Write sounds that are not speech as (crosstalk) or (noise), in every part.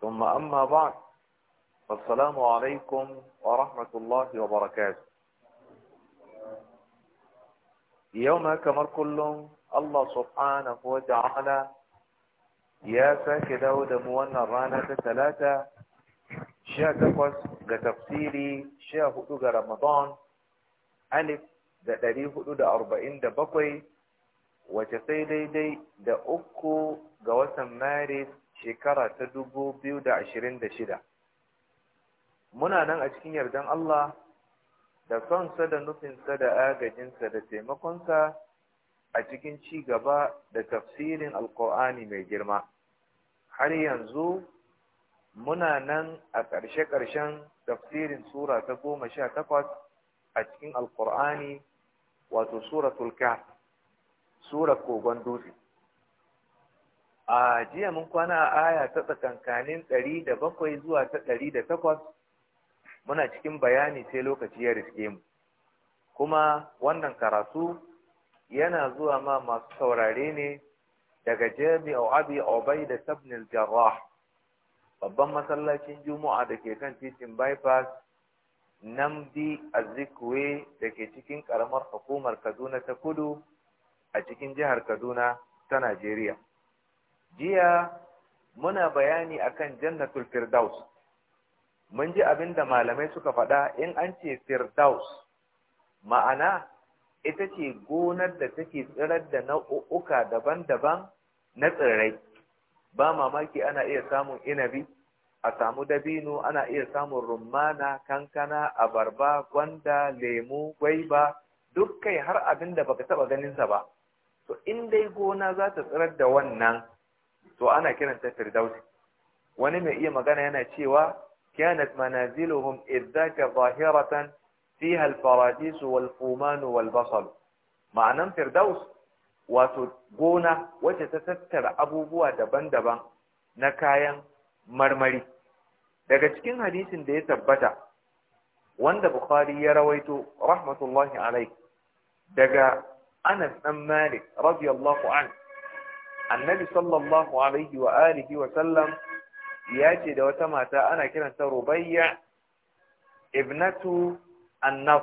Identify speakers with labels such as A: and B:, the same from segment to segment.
A: ثم أما
B: بعد فالسلام عليكم ورحمة الله وبركاته يوم كمر كلهم الله سبحانه وتعالى يا ساك ودموانا موانا رانا ثلاثة شا تقص تفسيري شا هدو رمضان ألف دالي ɗari hudu أربعين دا بقوي bakwai wace sai daidai da shekara ta dubu biyu da ashirin da shida. muna nan a cikin yardan Allah da sonsa da nufinsa da agajinsa da taimakonsa a cikin ci gaba da tafsirin alkur'ani mai girma har yanzu muna nan a ƙarshe-ƙarshen tafsirin sura ta goma sha takwas a cikin alkur'ani wato suratul kahf sura kogon dutse a jiya mun kwana a aya ta tsakankanin ɗari da bakwai zuwa ta ɗari da takwas muna cikin bayani sai lokaci ya riske mu kuma wannan karatu yana zuwa ma masu saurare ne daga jami'a abi obai da sabnil jarrah babban masallacin juma'a da ke kan titin bypass a Zikwe da ke cikin karamar hukumar kaduna ta kudu a cikin jihar kaduna ta najeriya jiya muna bayani akan jannatul firdaus mun ji abin da malamai suka faɗa in an ce firdaus ma'ana ita ce gonar da take tsirar da nau'uka daban-daban na tsirrai ba mamaki ana iya samun inabi a samu dabino ana iya samun rumana kankana abarba gwanda lemu gwaiba duk kai har abinda da baka taba ganinsa ba to in dai gona za ta tsirar da wannan to ana kiranta firdausi wani mai iya magana yana cewa kanat manaziluhum idzaka zahiratan fiha al wal wal ma'anan firdaus wato gona wacce ta tattara abubuwa daban-daban na kayan marmari daga cikin hadisin da ya tabbata wanda bukhari ya rawaito rahmatullahi alaihi daga anas dan malik radiyallahu anhu annabi sallallahu alaihi wa alihi wa sallam ya ce da wata mata ana kiranta rubayya ibnatu annaf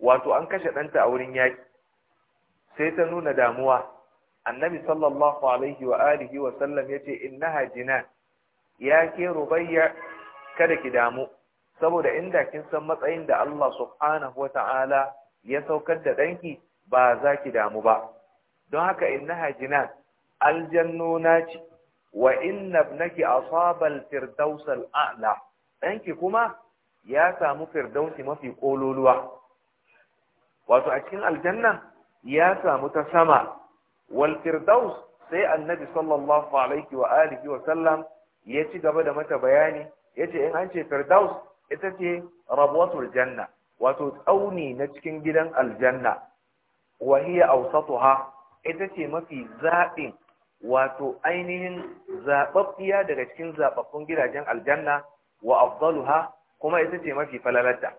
B: wato an kashe ɗanta a wurin yaki sai ta nuna damuwa annabi sallallahu alaihi wa alihi wa sallam ya ce innaha jinan ya ke rubayya kada ki damu saboda inda kin san matsayin da Allah subhanahu wata'ala ya saukar da ɗanki ba za ki damu ba don haka innaha jinan aljannuna ce wa inna ibnaki asaba al ala danki kuma ya samu firdausi mafi kololuwa wato a cikin aljanna ya samu ta sama wal firdaus sai annabi sallallahu alaihi wa alihi wa sallam ya ci gaba da mata bayani yace in an ce firdaus ita ce rabwatul janna wato tsauni na cikin gidan aljanna wa hiya awsatuha ita ce mafi zaɓin wato ainihin zaɓaɓɓiya daga cikin zaɓaɓɓun gidajen aljanna wa afdaluha kuma ita ce mafi falalarta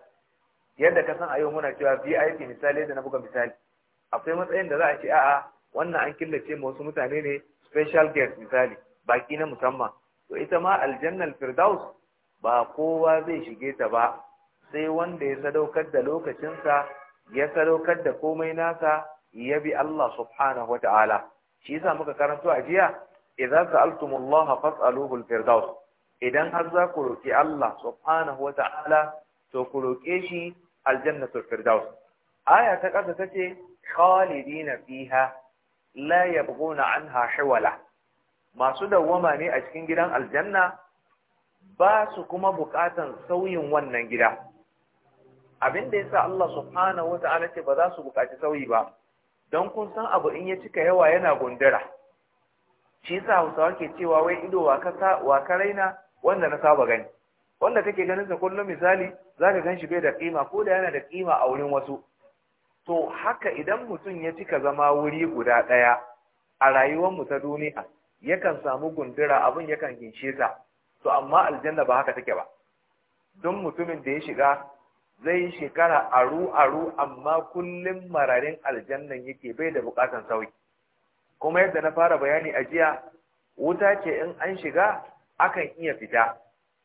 B: yadda ka san a yau muna cewa VIP misali da na buga misali akwai matsayin da za a ce a'a wannan an killace mu wasu mutane ne special guest misali baki na musamman to ita ma aljannal firdaus ba kowa zai shige ta ba sai wanda ya sadaukar da lokacinsa ya sadaukar da komai nasa ya bi Allah subhanahu Ta'ala. shi yasa muka karanto a jiya idza sa'altumullaha fas'aluhu al-firdaus idan har za ku roki Allah
C: subhanahu
B: wata'ala to ku roke shi aljannatul firdaus aya ta kasa tace khalidina fiha la yabghuna anha hawala masu dawwama ne a cikin gidan aljanna ba su kuma bukatan sauyin wannan gida abin da yasa Allah subhanahu wata'ala ce ba za su bukaci sauyi ba don kun san abu in ya cika yawa yana gundura shi yasa hausawa ke cewa wai ido wa ka raina wanda na saba gani wanda kake ganin sa kullum misali zaka gan shi bai da kima ko da yana da kima a wurin wasu to haka idan mutum ya cika zama wuri guda ɗaya a rayuwar mu ta duniya yakan samu gundura abin yakan ginshe sa to amma aljanna ba haka take ba don mutumin da ya shiga zai yi shekara aru aru amma kullum mararin aljannan yake bai da bukatan sauki kuma yadda na fara bayani a jiya wuta ce in an shiga akan iya fita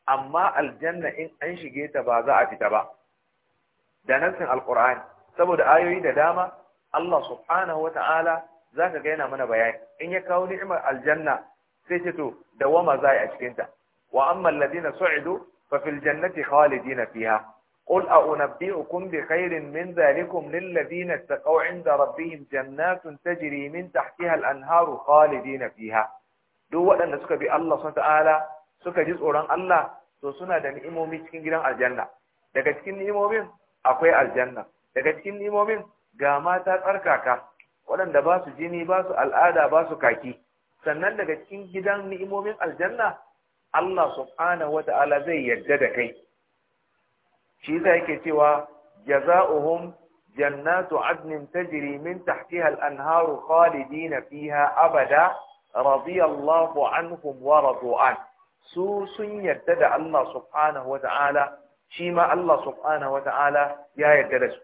B: amma aljanna in an shige ta ba za a fita ba da nassin alqur'ani saboda ayoyi da dama Allah subhanahu wata'ala zaka ga yana mana bayani in ya kawo ni'imar aljanna sai ce to wama za a cikin ta wa amma alladhina su'idu fa fil jannati khalidina fiha قل أنبئكم بخير من ذلكم للذين اتقوا عند ربهم جنات تجري من تحتها الأنهار خالدين فيها دو وأن سكا بي الله سبحانه وتعالى suka ji tsoron Allah, to suna da ni'imomi cikin gidan aljanna daga cikin ni'imomin akwai aljanna daga cikin ni'imomin ga mata tsarkaka waɗanda ba su jini ba su al'ada ba su kaki sannan daga cikin gidan ni'imomin aljanna Allah subhanahu zai yarda da kai shi za yake cewa jaza'uhum jannatu adnin tajri min tahtiha al-anharu khalidin fiha abada radiyallahu anhum wa radu'an su sun yadda da Allah subhanahu wata'ala shi ma Allah subhanahu wata'ala ya yadda da su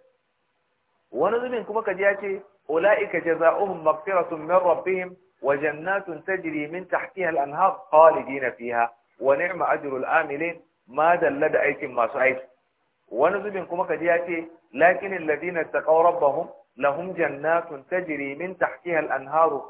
B: wani zubin kuma kaji ya ce ulaika jaza'uhum maghfiratun min rabbihim wa jannatun tajri min tahtiha al-anhar khalidin fiha wa ni'ma ajrul amilin ma dalla da aikin masu aiki wani zubin kuma kaji ya ce lakinin ladina taqaw rabbahum lahum jannatun ta jirimin tahtiha al-anharu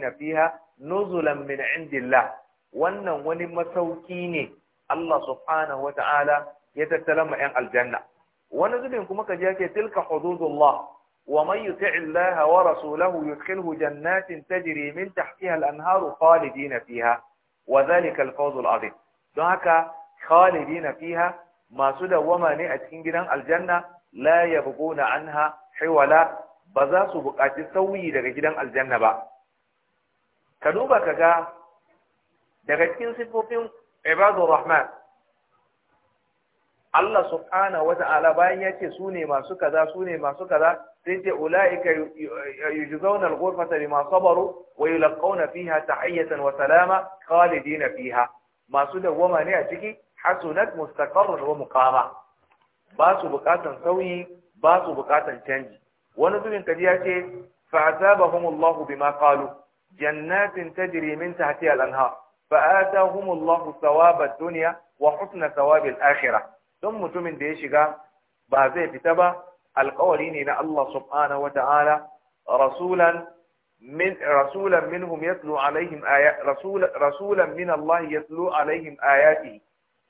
B: na fiha nuzulan min indillah wannan wani masauki ne Allah subhanahu wata'ala ya tattala ma yan aljanna wani zubin kuma kaji ya ce tilka hududullah wa man yuti'i Allah wa rasulahu yudkhilhu jannatin tajri min tahtiha al-anharu khalidina fiha wa dhalika al-fawz al-'azim don haka khalidina fiha masu dawwama ne a cikin gidan aljanna la yabghuna anha hiwala ba za su buƙaci sauyi daga gidan aljanna ba ka duba ka ga daga cikin sifofin ibadur rahman Allah subhanahu ala bayan ya ce su ne masu kaza su ne masu kaza sai ce ula'ika yujzauna al-ghurfata bima sabaru wa yulqawna fiha tahiyatan wa salama khalidina fiha masu dawwama ne a ciki hasunat mustaqarrun wa muqama ba su bukatan sauyi ba su bukatan canji wani zubin kaji ce fa asabahumullahu bima qalu jannatin ta tajri ta hati al-anhar fa atahumullahu thawaba ad-dunya wa husna thawabi akhira akhirah don mutumin da ya shiga ba zai fita ba alƙawari ne na Allah subhanahu wata'ala rasulan min rasulan minhum yatlu alaihim ayat rasulan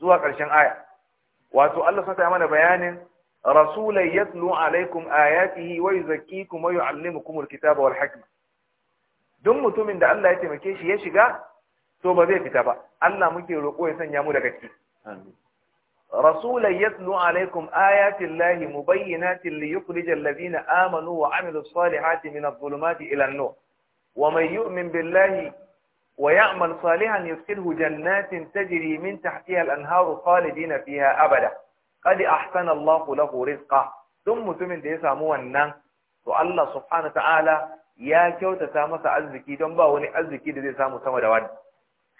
B: zuwa ƙarshen aya wato Allah sun mana bayanin rasulai yatlu alaikum ayatihi wa yuzakkikum wa yu'allimukum alkitaba wal hikma duk mutumin da Allah ya taimake shi ya shiga to ba zai fita ba Allah muke roƙo ya sanya mu daga ciki amin rasulai yatlu alaikum ayatillahi mu mubayyinatin li yukhrijal ladina amanu wa amilus salihati min adh-dhulumati ila an-nur wa man yu'min billahi ويعمل صالحا يدخله جنات تجري من تحتها الأنهار خالدين فيها أبدا قد Kadi الله له رزقه ثم mutumin da ya samu wannan to Allah subhanahu ta'ala ya kyautata masa arziki don ba wani arziki da zai samu sama da wani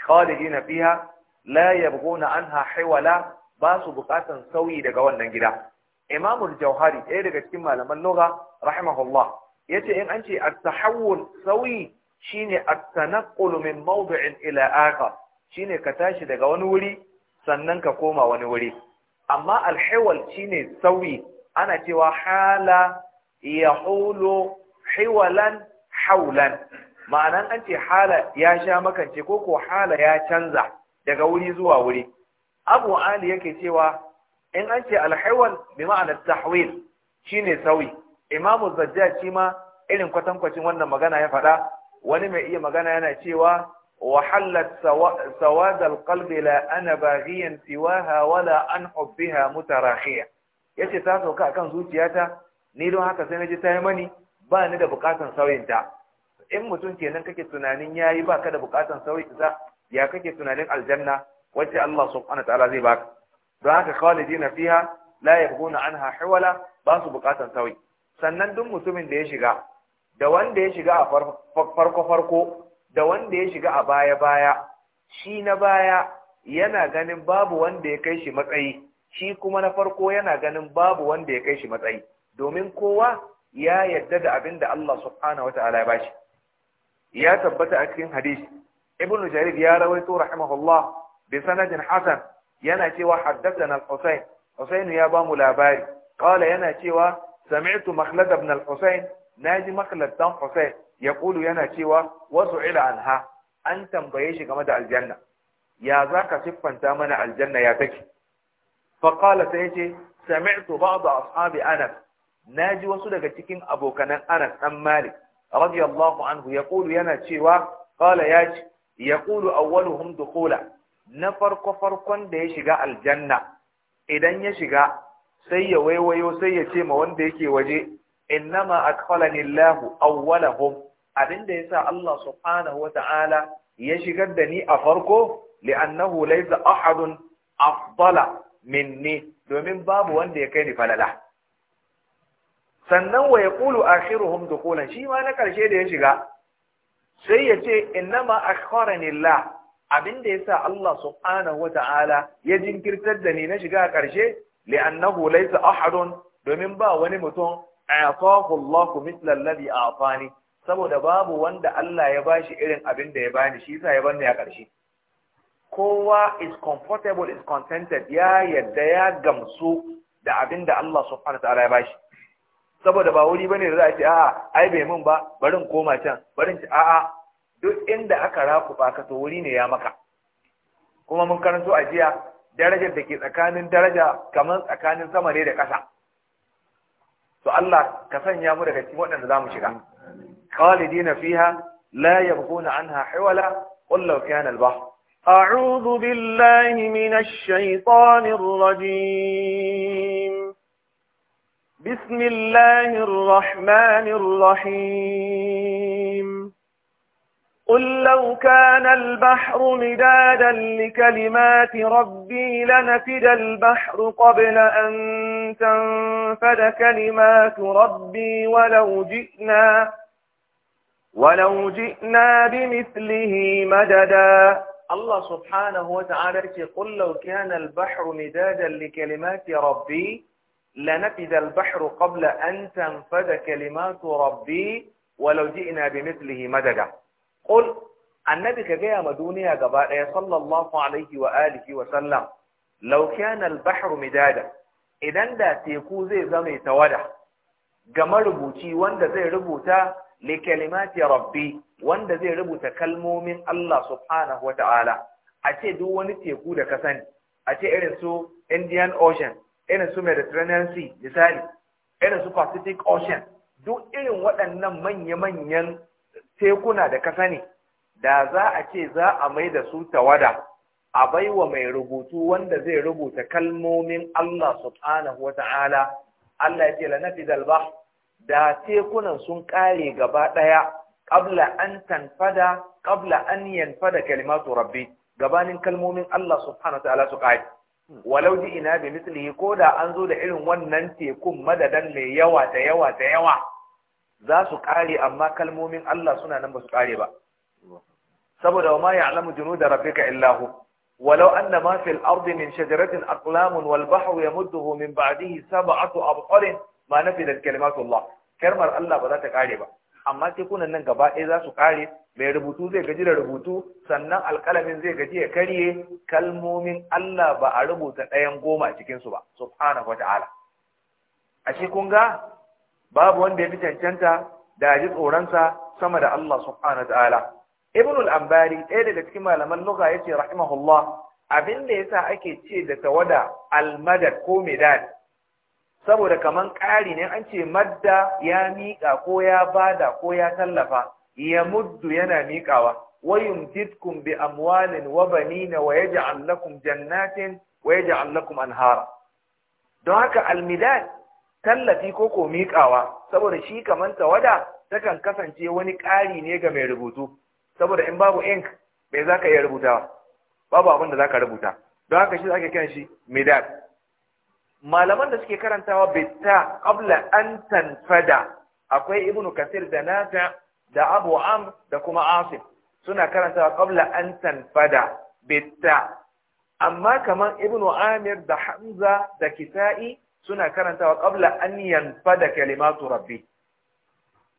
B: khalidina fiha la yabghuna anha hiwala ba su bukatan sauyi daga wannan gida Imam al-Jauhari ɗaya daga cikin malaman lugha rahimahullah yace in an ce at-tahawul sauyi shine at tanaqqulu min mawdi'in ila akhar shine ka tashi daga wani wuri sannan ka koma wani wuri amma al-hiwal shine sauyi ana cewa hala yahulu hiwalan haulan ma'anan an ce hala ya sha makance ko ko hala ya canza daga wuri zuwa wuri abu ali yake cewa in an ce alhaiwan bi ma'ana tahwil shine sauyi imamu zajjaji ma irin kwatankwacin wannan magana ya faɗa wani mai iya magana yana cewa وحلت سواد القلب لا أنا باغيا سواها ولا أن حبها متراخية yace ta sauka akan zuciyata ni don haka sai naji ta yi mani ba ni da bukatan sauyin ta in mutum kenan kake tunanin yayi ba ka da bukatan sauyi ta, ya kake tunanin aljanna wacce Allah subhanahu ta'ala zai baka don haka khalidina fiha la yabghuna anha hiwala ba su bukatan sauyi sannan duk mutumin da ya shiga da wanda ya shiga a farko-farko da wanda ya shiga a baya-baya shi na baya yana ganin babu wanda ya kai shi matsayi shi kuma na farko yana ganin babu wanda ya kai shi matsayi domin kowa ya yadda da abin da Allah subhanahu wa ta'ala ya bashi
C: ya tabbata a
B: cikin hadisi ibnu jarir ya rawaito rahimahullah bi sanadin hasan yana cewa haddathana al-husayn husayn ya bamu labari qala yana cewa sami'tu makhlad ibn al-husayn naji makalatan Hussein ya kulu yana cewa wasu ila anha an tambaye shi game da aljanna ya zaka siffanta mana aljanna ya take fa qala sai yace sami'tu ba'd ashabi anas naji wasu daga cikin abokanan Anas dan Malik radiyallahu anhu ya kulu yana cewa qala yace yaqulu awwaluhum dukhula na farko farkon da ya shiga aljanna idan ya shiga sai ya waiwayo sai ya ce ma wanda yake waje innama akhalani Allah awwalahum abinda yasa Allah subhanahu wata'ala ya shigar da ni a farko li'annahu laysa ahadun afdala minni domin babu wanda ya kai ni falala sannan wa yaqulu akhiruhum dukulan shi ma na karshe da ya shiga sai ya ce innama akharani Allah da yasa Allah subhanahu wata'ala ya jinkirtar da ni na shiga a karshe li'annahu laysa ahadun domin ba wani mutum a'tahu Allahu mithla alladhi a'tani saboda babu wanda Allah ya bashi irin abin da ya bani shi yasa ya bani a ƙarshe kowa is comfortable is contented ya yadda ya gamsu da abin da Allah subhanahu wa ta'ala ya bashi saboda ba wuri bane da za a ce a'a ai bai mun ba barin koma can barin ci a'a duk inda aka raku ba ka to wuri ne ya maka kuma mun karanto a jiya darajar da ke tsakanin daraja kamar tsakanin sama ne da ƙasa to Allah ka sanya mu daga cikin waɗanda za mu shiga khalidina fiha la yabghuna anha hiwala qul law kana
C: al-bahr أعوذ بالله من الشيطان الرجيم بسم الله الرحمن الرحيم قل لو كان البحر مدادا لكلمات ربي لنفد البحر قبل أن تنفد كلمات ربي ولو جئنا ولو جئنا بمثله مددا
B: الله سبحانه وتعالى قل لو كان البحر مدادا لكلمات ربي لنفد البحر قبل أن تنفد كلمات ربي ولو جئنا بمثله مددا qul annabi ka gaya ma duniya gaba ɗaya sallallahu alaihi wa alihi wa sallam law al-bahru midada idan da teku zai zama tawada ga marubuci wanda zai rubuta li kalimati rabbi wanda zai rubuta kalmomin Allah subhanahu wa ta'ala a ce duk wani teku da ka sani a ce irin su Indian Ocean irin su Mediterranean Sea misali irin su Pacific Ocean duk irin waɗannan manya-manyan tekuna da ka sani da za a ce za a mai da su tawada a baiwa mai rubutu wanda zai rubuta kalmomin Allah subhanahu wata'ala Allah ya ce la nafidal bah da tekunan sun kare gaba daya qabla an tanfada qabla an yanfada kalimatu rabbi gabanin kalmomin Allah subhanahu wata'ala su kare walau ji ina bi mislihi ko da an zo da irin wannan tekun madadan mai yawa da yawa da yawa za su kare amma kalmomin Allah suna nan ba su kare ba saboda ma ya'lamu junuda rabbika illa hu walau anna ma fil ardi min shajaratin aqlamun wal bahru yamudduhu min ba'dihi sab'atu abqarin ma nafidat kalimatullah kalmar Allah ba za ta kare ba amma tekunan nan gaba ɗaya za su kare mai rubutu zai gaji da rubutu sannan alƙalamin zai gaji ya karye kalmomin Allah ba a rubuta ɗayan goma a cikinsu ba subhanahu ta'ala. ashe kun ga babu wanda ya fi cancanta da ji tsoronsa sama da Allah subhanahu ta'ala ibnul ambari ɗaya daga cikin malaman lugha yace rahimahullah abin da yasa ake ce da tawada Al-Madad ko midad saboda kaman ƙari ne an ce madda ya miƙa ko ya bada ko ya tallafa ya muddu yana miƙawa wa yumdidkum bi amwalin wa banina wa yaj'al lakum jannatin wa yaj'al lakum anhara don haka almidad tallafi ko ko miƙawa saboda shi kamar tawada takan kasance wani ƙari ne ga mai rubutu saboda in babu ink bai za ka iya rubutawa babu abin da za ka rubuta don haka shi za ka kiran shi midad malaman da suke karantawa bitta qabla an tanfada akwai ibnu kasir da nafi da abu am da kuma asif suna karantawa qabla an tanfada bitta amma kamar ibnu amir da hamza da Kitai. suna karantawa ƙabla an yanfada kalimatu rabbi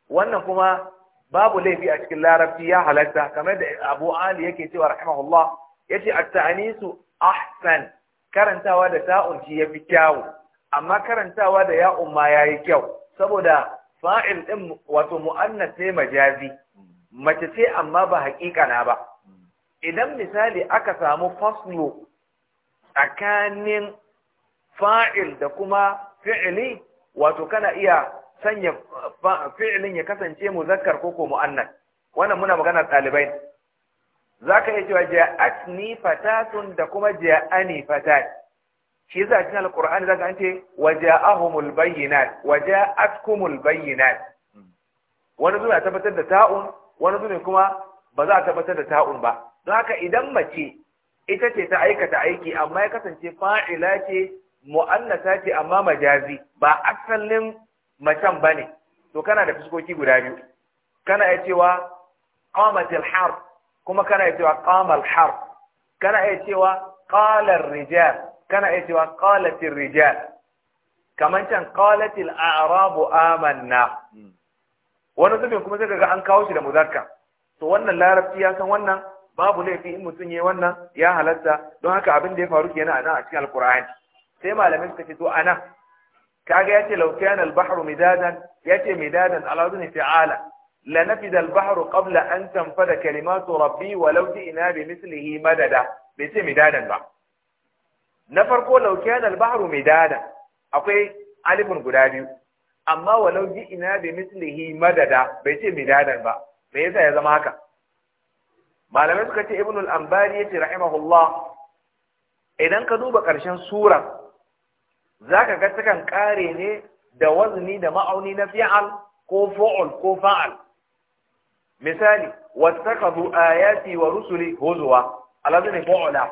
B: wannan kuma babu laifi a cikin larabci ya halatta kamar da Abu Ali yake cewa rahimahullah yace at-ta'nisu ahsan karantawa da ta'un shi yafi kyau amma karantawa da ya umma yayi kyau saboda fa'il din wato mu'annas ne majazi mace ce amma ba haƙiƙa na ba idan misali aka samu faslu tsakanin fa'il da kuma fi'ili wato kana iya sanya fi'ilin ya kasance muzakkar ko ko mu'annas wannan muna magana ɗalibai zaka iya cewa ja'atni fatatun da kuma ja'ani fatat shi yasa cikin alqur'ani zaka an ce waja'ahumul bayyinat waja'atkumul bayyinat wani zuwa tabbatar da ta'un wani zuwa kuma ba za a tabbatar da ta'un ba don haka idan mace ita ce ta aikata aiki amma ya kasance fa'ila ce mu'annata ce amma majazi ba asalin macen bane to kana da fuskoki guda biyu kana iya cewa qamatil har kuma kana iya cewa qamal har kana iya cewa qala rijal kana iya cewa qalatir rijal Kamar can qalatil a'rabu amanna wani zubin kuma sai kaga an kawo shi da muzakkar to wannan larabci ya san wannan babu laifi in mutum ya wannan ya halatta don haka abin da ya faru kenan a nan a cikin alkur'ani sai malamin suka fito ana kaga yace law kana al-bahru midadan yace midadan ala wazni fi'ala la nafida al-bahru qabla an tanfada kalimatu rabbi walau ji'na bi mithlihi madada bai ce midadan ba na farko law kana al-bahru midadan akwai alifin guda biyu amma walau ji'na bi mithlihi madada bai ce midadan ba me yasa ya zama haka malamai suka ce ibnul anbari yace rahimahullah idan ka duba ƙarshen sura zaka ga sukan kare ne da wazni da ma'auni na fi'al ko fa'ul ko fa'al misali wattakhadhu ayati wa rusuli huzwa alazni fa'ula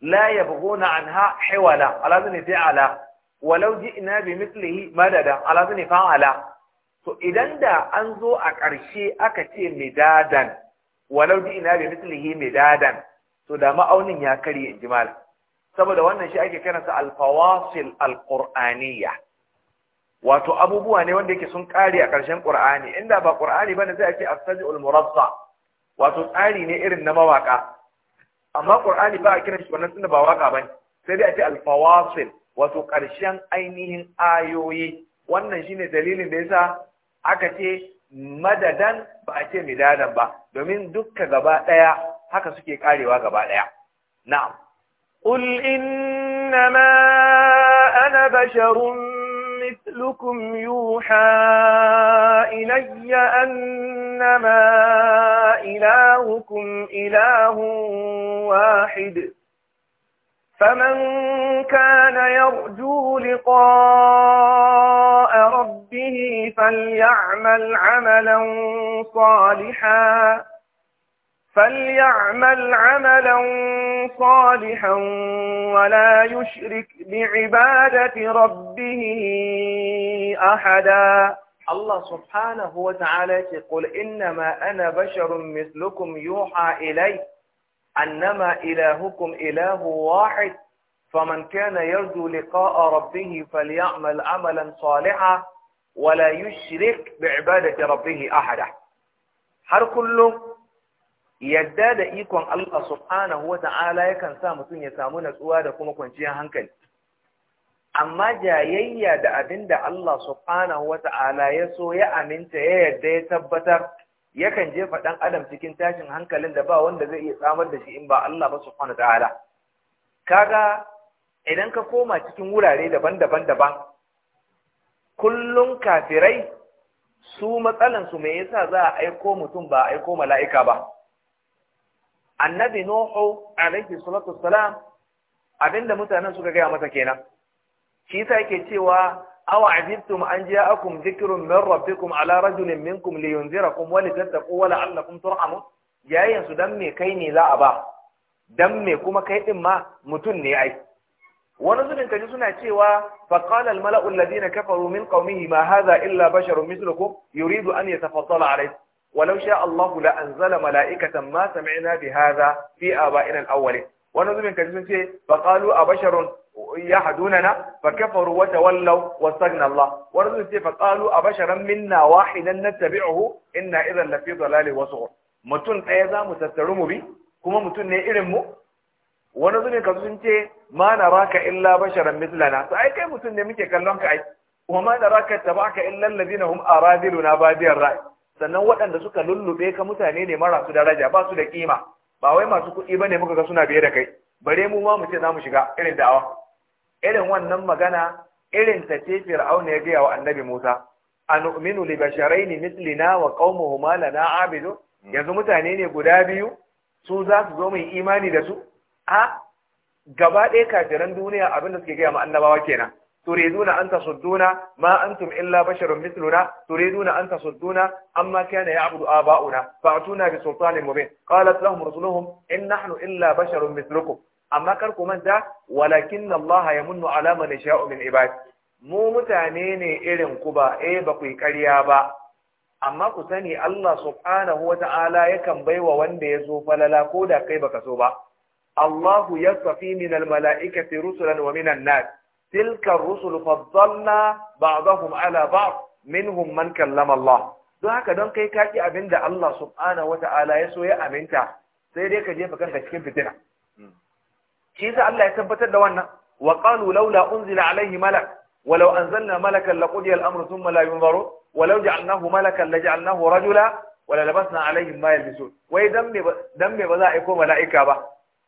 B: la yabghuna anha hiwala alazni fi'ala walau ji'na bi mithlihi madada alazni fa'ala to idan da an zo a karshe aka ce midadan walau ji'na bi mithlihi midadan to da ma'aunin ya kare in saboda wannan shi ake kiransa alfawasil alqur'aniyya wato abubuwa ne wanda yake sun kare a ƙarshen qur'ani inda ba qur'ani bane sai ake astajul murassa wato tsari ne irin na mawaka amma qur'ani ba a kiran shi wannan tunda ba waka bane sai dai ake alfawasil wato ƙarshen ainihin ayoyi wannan shine dalilin da yasa aka ce madadan ba a ce midadan ba domin dukka gaba daya haka suke karewa gaba daya na'am
C: قل إنما أنا بشر مثلكم يوحى إلي أنما إلهكم إله واحد فمن كان يرجو لقاء ربه فليعمل عملا صالحا فليعمل عملا صالحا ولا يشرك بعبادة ربه أحدا
B: الله سبحانه وتعالى يقول إنما أنا بشر مثلكم يوحى إلي أنما إلهكم إله واحد فمن كان يرجو لقاء ربه فليعمل عملا صالحا ولا يشرك بعبادة ربه أحدا هر كله yadda da ikon Allah subhanahu wa ta'ala yakan sa mutum ya samu natsuwa da kuma kwanciyar hankali amma jayayya da abin da Allah subhanahu wa ya so ya aminta ya yadda ya tabbatar yakan jefa ɗan adam cikin tashin hankalin da ba wanda zai iya samar da shi in ba Allah ba subhanahu wa ta'ala kaga idan ka koma cikin wurare daban-daban daban kullum kafirai su matsalansu me yasa za a aiko mutum ba a aiko mala'ika ba annabi nuhu alaihi salatu wassalam abinda mutanen suka gaya masa kenan shi yasa yake cewa aw ajibtum an ja'akum dhikrun min rabbikum ala rajulin minkum liyunzirakum wa litattaqu wa la'allakum turhamun yayin su dan me kai ne za a ba dan me kuma kai din ma mutun ne ai wani zubin kaji suna cewa faqala al mala'u alladhina kafaru min qaumihi ma hadha illa basharun mithlukum yuridu an yatafaddala alayhi walau sha Allahu la anzala mala'ikatan ma sami'na bi hadha fi aba'ina al-awwalin wani zubin kaji sun ce fa qalu abasharun yahdunana fa kafaru wa tawallaw wa staghna Allah wani zubin ce fa qalu abasharan minna wahidan nattabi'uhu inna idhan la fi dhalalin wa sughur mutum ɗaya za mu tattaru mu bi kuma mutum ne irin mu wani zubin kaji sun ce ma naraka illa basharan mithlana sai kai mutum ne muke kallon ka ai wa ma naraka tabaka illa alladhina hum aradiluna badiyar ra'i sannan waɗanda suka lullube ka mutane ne marasu daraja ba su da kima ba wai masu kuɗi ba ne muka ga suna biye da kai bare mu ma mu ce za mu shiga irin da'awa irin wannan magana irin ta ce fir'auna ya gaya wa annabi musa anu'minu li basharaini mislina wa qaumuhuma lana abidu hmm. yanzu mutane ne guda biyu su za su zo mu imani da su a gaba ɗaya kafiran duniya abinda suke gaya ma annabawa kenan تريدون أن تصدونا ما أنتم إلا بشر مثلنا تريدون أن تصدونا أما كان يعبد آباؤنا فأتونا بسلطان مبين قالت لهم رسلهم إن نحن إلا بشر مثلكم أما كركم أنت ولكن الله يمن على من يشاء من عباد mu mutane ne irin ku ba eh ba ku yi ba amma ku sani Allah subhanahu wata'ala yakan wa wanda ya zo falala ko da kai baka so ba Allahu yastafi min malaikati rusulan wa minan nas tilka rusul faddalna ba'dahum ala ba'd minhum man kallama Allah don haka don kai kaki abinda Allah subhanahu wata'ala ya so ya aminta sai dai ka jefa kanka cikin fitina hmm. shi yasa Allah ya tabbatar da wannan wa qalu laula unzila alaihi malak ولو أنزلنا ملكا لقضي الأمر ثم لا ينظرون ولو جعلناه ملكا لجعلناه رجلا وللبسنا عليهم dan me ba za a بذائكو mala'ika ba?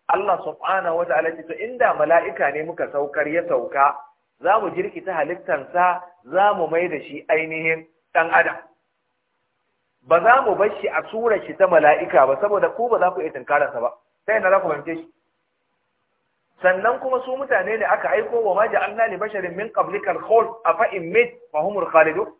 B: Allah subhanahu wa ta'ala ce to inda mala'ika ne muka saukar ya sauka za mu jirkita halittansa za mu mai da shi ainihin ɗan adam ba za mu bar shi a surar shi ta mala'ika ba saboda ku ba za ku iya tunkararsa ba sai na za ku fahimce shi sannan kuma su mutane ne aka aiko wa ma ja'alna li basharin min qablika al-khuld afa in mit fa humul khalidun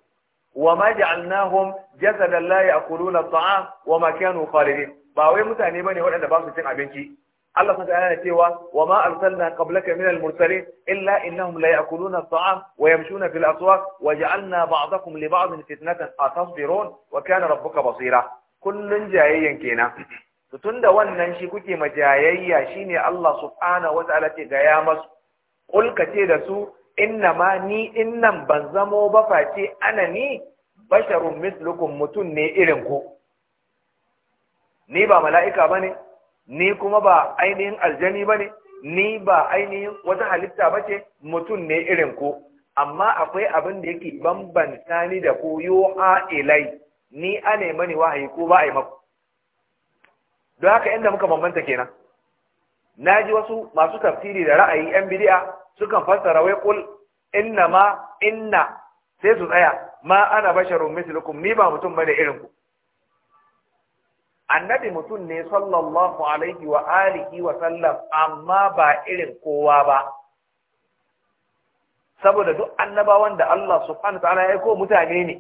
B: wa ma ja'alnahum jasadan la ya'kuluna at wa ma kanu khalidin ba wai mutane bane waɗanda ba su cin abinci Allah ta ta'ala cewa wa ma arsalna qablaka min al-mursalin illa innahum la ya'kuluna at-ta'am wa yamshuna fil aswaq wa ja'alna ba'dakum li ba'din fitnatan atasbirun wa kana rabbuka basira kullun jayayyan kenan to tunda wannan shi kuke majayayya shine Allah subhanahu wa ta'ala ce ga ya masu kulka ce da su inna ma ni innan ban zamo ba face ana ni basharun mislukum mutun ne irin ku ni ba mala'ika bane ni kuma ba ainihin aljani ba ne ni ba ainihin wata halitta ba ce mutum ne irin ku amma akwai abin da yake bambanta ni da ku yo a ilai ni a nema wahayi ko ba a yi maku don haka inda muka bambanta kenan na ji wasu masu tafsiri da ra'ayi yan bidiya sukan fassara wai kul inna ma inna sai su tsaya ma ana basharun mislukum ni ba mutum bane irin ku annabi mutum ne sallallahu alaihi wa alihi wa sallam amma ba irin kowa ba saboda duk annabawan da Allah subhanahu ta'ala ya ko mutane ne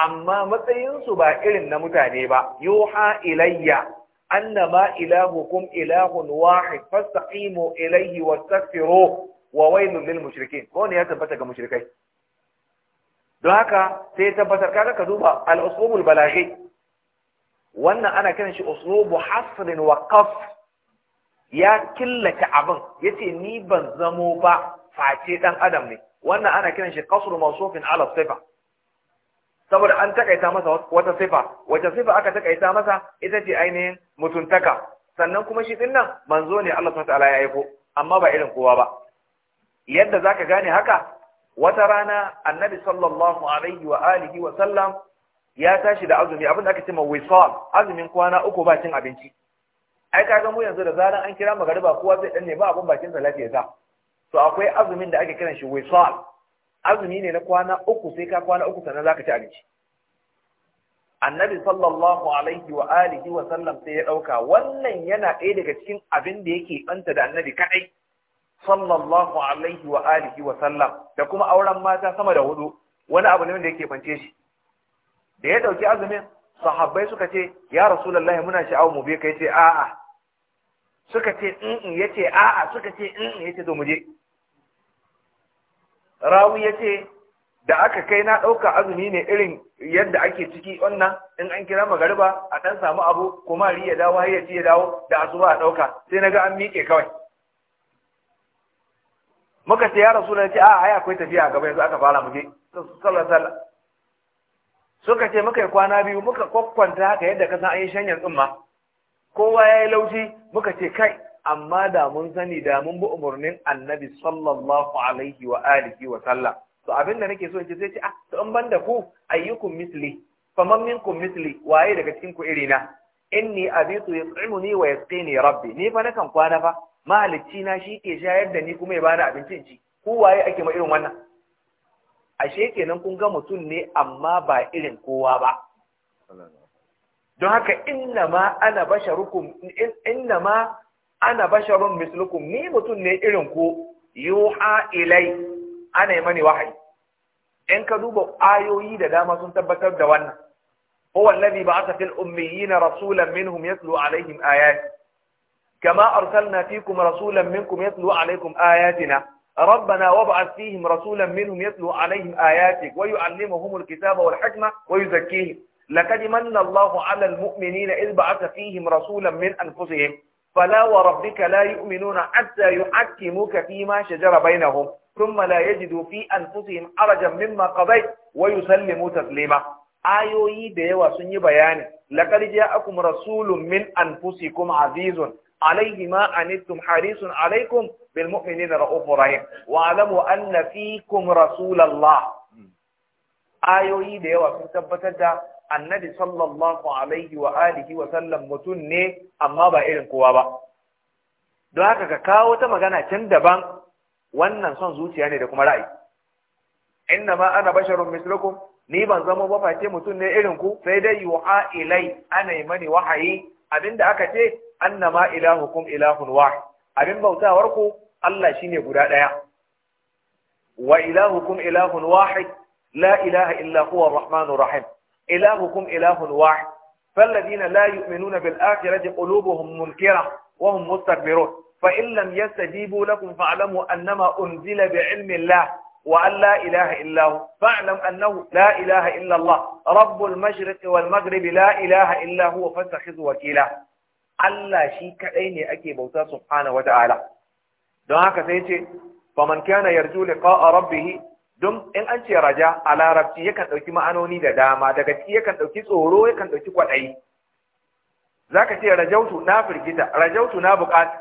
B: amma matsayinsu ba irin na mutane ba yuha ilayya annama ilahukum ilahun wahid fastaqimu ilayhi wastaghfiru wa wailul lil mushrikin ko ne ya tabbata ga mushrikai don haka sai ya tabbatar kaga ka duba al-usulul balaghi wannan ana kiran shi uslubu hasrin wa qasf ya killata abin yace ni ban zamo ba face dan adam ne wannan ana kiran shi qasru mawsufin ala sifa saboda an takaita masa wata sifa wata sifa aka takaita masa ita ce ainihin mutuntaka sannan kuma shi dinnan manzo ne Allah subhanahu ya aiko amma ba irin kowa ba yadda zaka gane haka wata rana annabi sallallahu alaihi wa alihi wa sallam ya tashi da azumi abin da aka ce ma wisal azumin kwana uku ba cin abinci ai kaga mu yanzu da zaran an kira magariba kowa zai dan nemi abin bakin sa lafiya ta to akwai azumin da ake kiran shi wisal azumi ne na kwana uku sai ka kwana uku sannan zaka ci abinci annabi sallallahu alaihi wa alihi wa sallam sai ya dauka wannan yana ɗaya daga cikin abin da yake banta da annabi kadai sallallahu alaihi wa alihi wa sallam da kuma auren mata sama da hudu wani abu ne wanda yake bance shi da ya ɗauki azumin sahabbai suka ce ya rasulullahi muna sha'awar mu biye kai ce a'a suka ce in ya ce a'a suka ce in ya ce zo mu je rawi ya ce da aka kai na ɗauka azumi ne irin yadda ake ciki wannan in an kira magariba a dan samu abu kuma ri ya dawo ya ci ya dawo da asuba a ɗauka sai na ga an miƙe kawai muka ce ya rasu na ce a'a ai akwai tafiya a gaba yanzu aka fara mu je sallallahu suka ce muka yi kwana biyu muka kwakwanta haka yadda ka san an yi shanyar tsumma kowa ya yi laushi muka ce kai amma da mun sani da mun bi umarnin annabi sallallahu alaihi wa alihi wa sallam to abin da nake so in ce sai ce ah to in banda ku ayyukum misli faman minkum misli waye daga cikin ku irina inni abitu yut'imuni wa yasqini rabbi ni fa nakan kwana fa mahalicci na shi ke shayar da ni kuma ya bani abincin ci ku waye ake ma irin wannan ashe kenan kun ga mutum ne amma ba irin kowa ba don haka innama ana basharukum innama ana basharun mislukum ni mutum ne irin ku yuha ilai ana yi mani wahayi in ka duba ayoyi da dama sun tabbatar da wannan هو الذي بعث في الأميين رسولا منهم يتلو عليهم آيات كما أرسلنا فيكم رسولا منكم يتلو عليكم آياتنا ربنا وابعث فيهم رسولا منهم يتلو عليهم آياتك ويعلمهم الكتاب والحكمة ويزكيهم لقد من الله على المؤمنين إذ بعث فيهم رسولا من أنفسهم فلا وربك لا يؤمنون حتى يحكموك فيما شجر بينهم ثم لا يجدوا في أنفسهم حرجا مما قضيت ويسلموا تسليما ayoyi da yawa بيان لقد جاءكم رسول من أنفسكم عزيز عليه ما أنتم حريص عليكم بالمؤمنين رؤوف رحيم واعلموا أن فيكم رسول الله ayoyi da yawa sun tabbatar da annabi sallallahu alaihi wa alihi wa mutum ne amma ba irin kowa ba don haka ka kawo ta magana can daban wannan son zuciya ne da kuma ra'ayi inna ma ana basharun mislukum ni ban zama ba face mutum ne irin ku sai dai yuha ilai ana yi mani wahayi abinda aka ce annama ilahukum ilahun wahid abin bautawar ku Allah shine guda ɗaya wa ilahukum ilahun wahid la ilaha illa huwa arrahmanur rahim ilahukum ilahun wahid فالذين لا يؤمنون بالآخرة قلوبهم منكرة وهم مستكبرون فإن لم يستجيبوا لكم فاعلموا أنما أنزل بعلم الله وأن لا إله إلا هو فاعلم أنه لا إله إلا الله رب المشرق والمغرب لا إله إلا هو فاتخذ وكيلا Allah shi kaɗai ne ake bauta subhanahu wata'ala don haka sai ce faman kana yarju a rabbih don in an ce raja a larabci yakan ɗauki ma'anoni da dama daga ciki yakan ɗauki tsoro yakan ɗauki kwaɗayi zaka ce rajautu na firgita rajautu na buƙata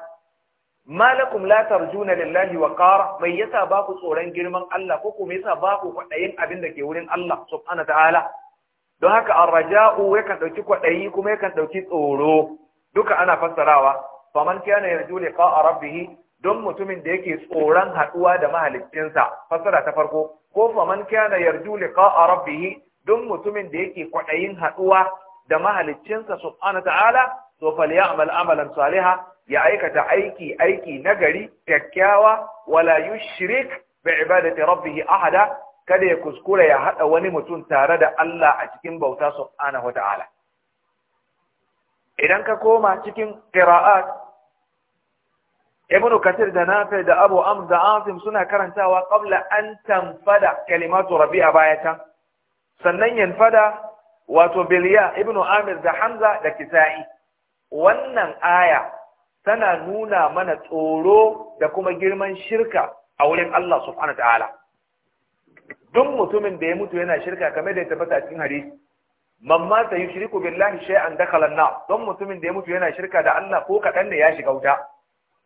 B: malakum la tarjuna lillahi wa ƙara. mai yasa ba ku tsoron girman Allah ko kuma yasa ba ku kwaɗayin abin da ke wurin Allah subhana ta'ala don haka arraja'u yakan ɗauki kwaɗayi kuma yakan ɗauki tsoro duka ana fassarawa faman kana yarju liqa'a rabbih don mutumin da yake tsoron haduwa da mahaliccinsa fassara ta farko ko faman kana yarju liqa'a rabbih don mutumin da yake kwadayin haduwa da mahaliccinsa subhanahu ta'ala to falyamal amalan salihah ya aikata aiki aiki nagari kyakkyawa wala yushrik bi ibadati rabbih ahada kada ya kuskura ya hada wani mutum tare da Allah a cikin bauta subhanahu ta'ala idan ka koma cikin qira'at ibnu kathir da nafi da abu amza da suna karantawa qabla an tanfada kalimatu rabi'a bayatan sannan yanfada wato biliya ibnu amir da hamza da kisa'i wannan aya tana nuna mana tsoro da kuma girman shirka a wurin Allah subhanahu ta'ala duk mutumin da ya mutu yana shirka kamar da ya tabbata a cikin hadisi man mata yushriku billahi shay'an dakhala an-nar don mutumin da ya mutu yana shirka da Allah ko kadan ne ya shiga wuta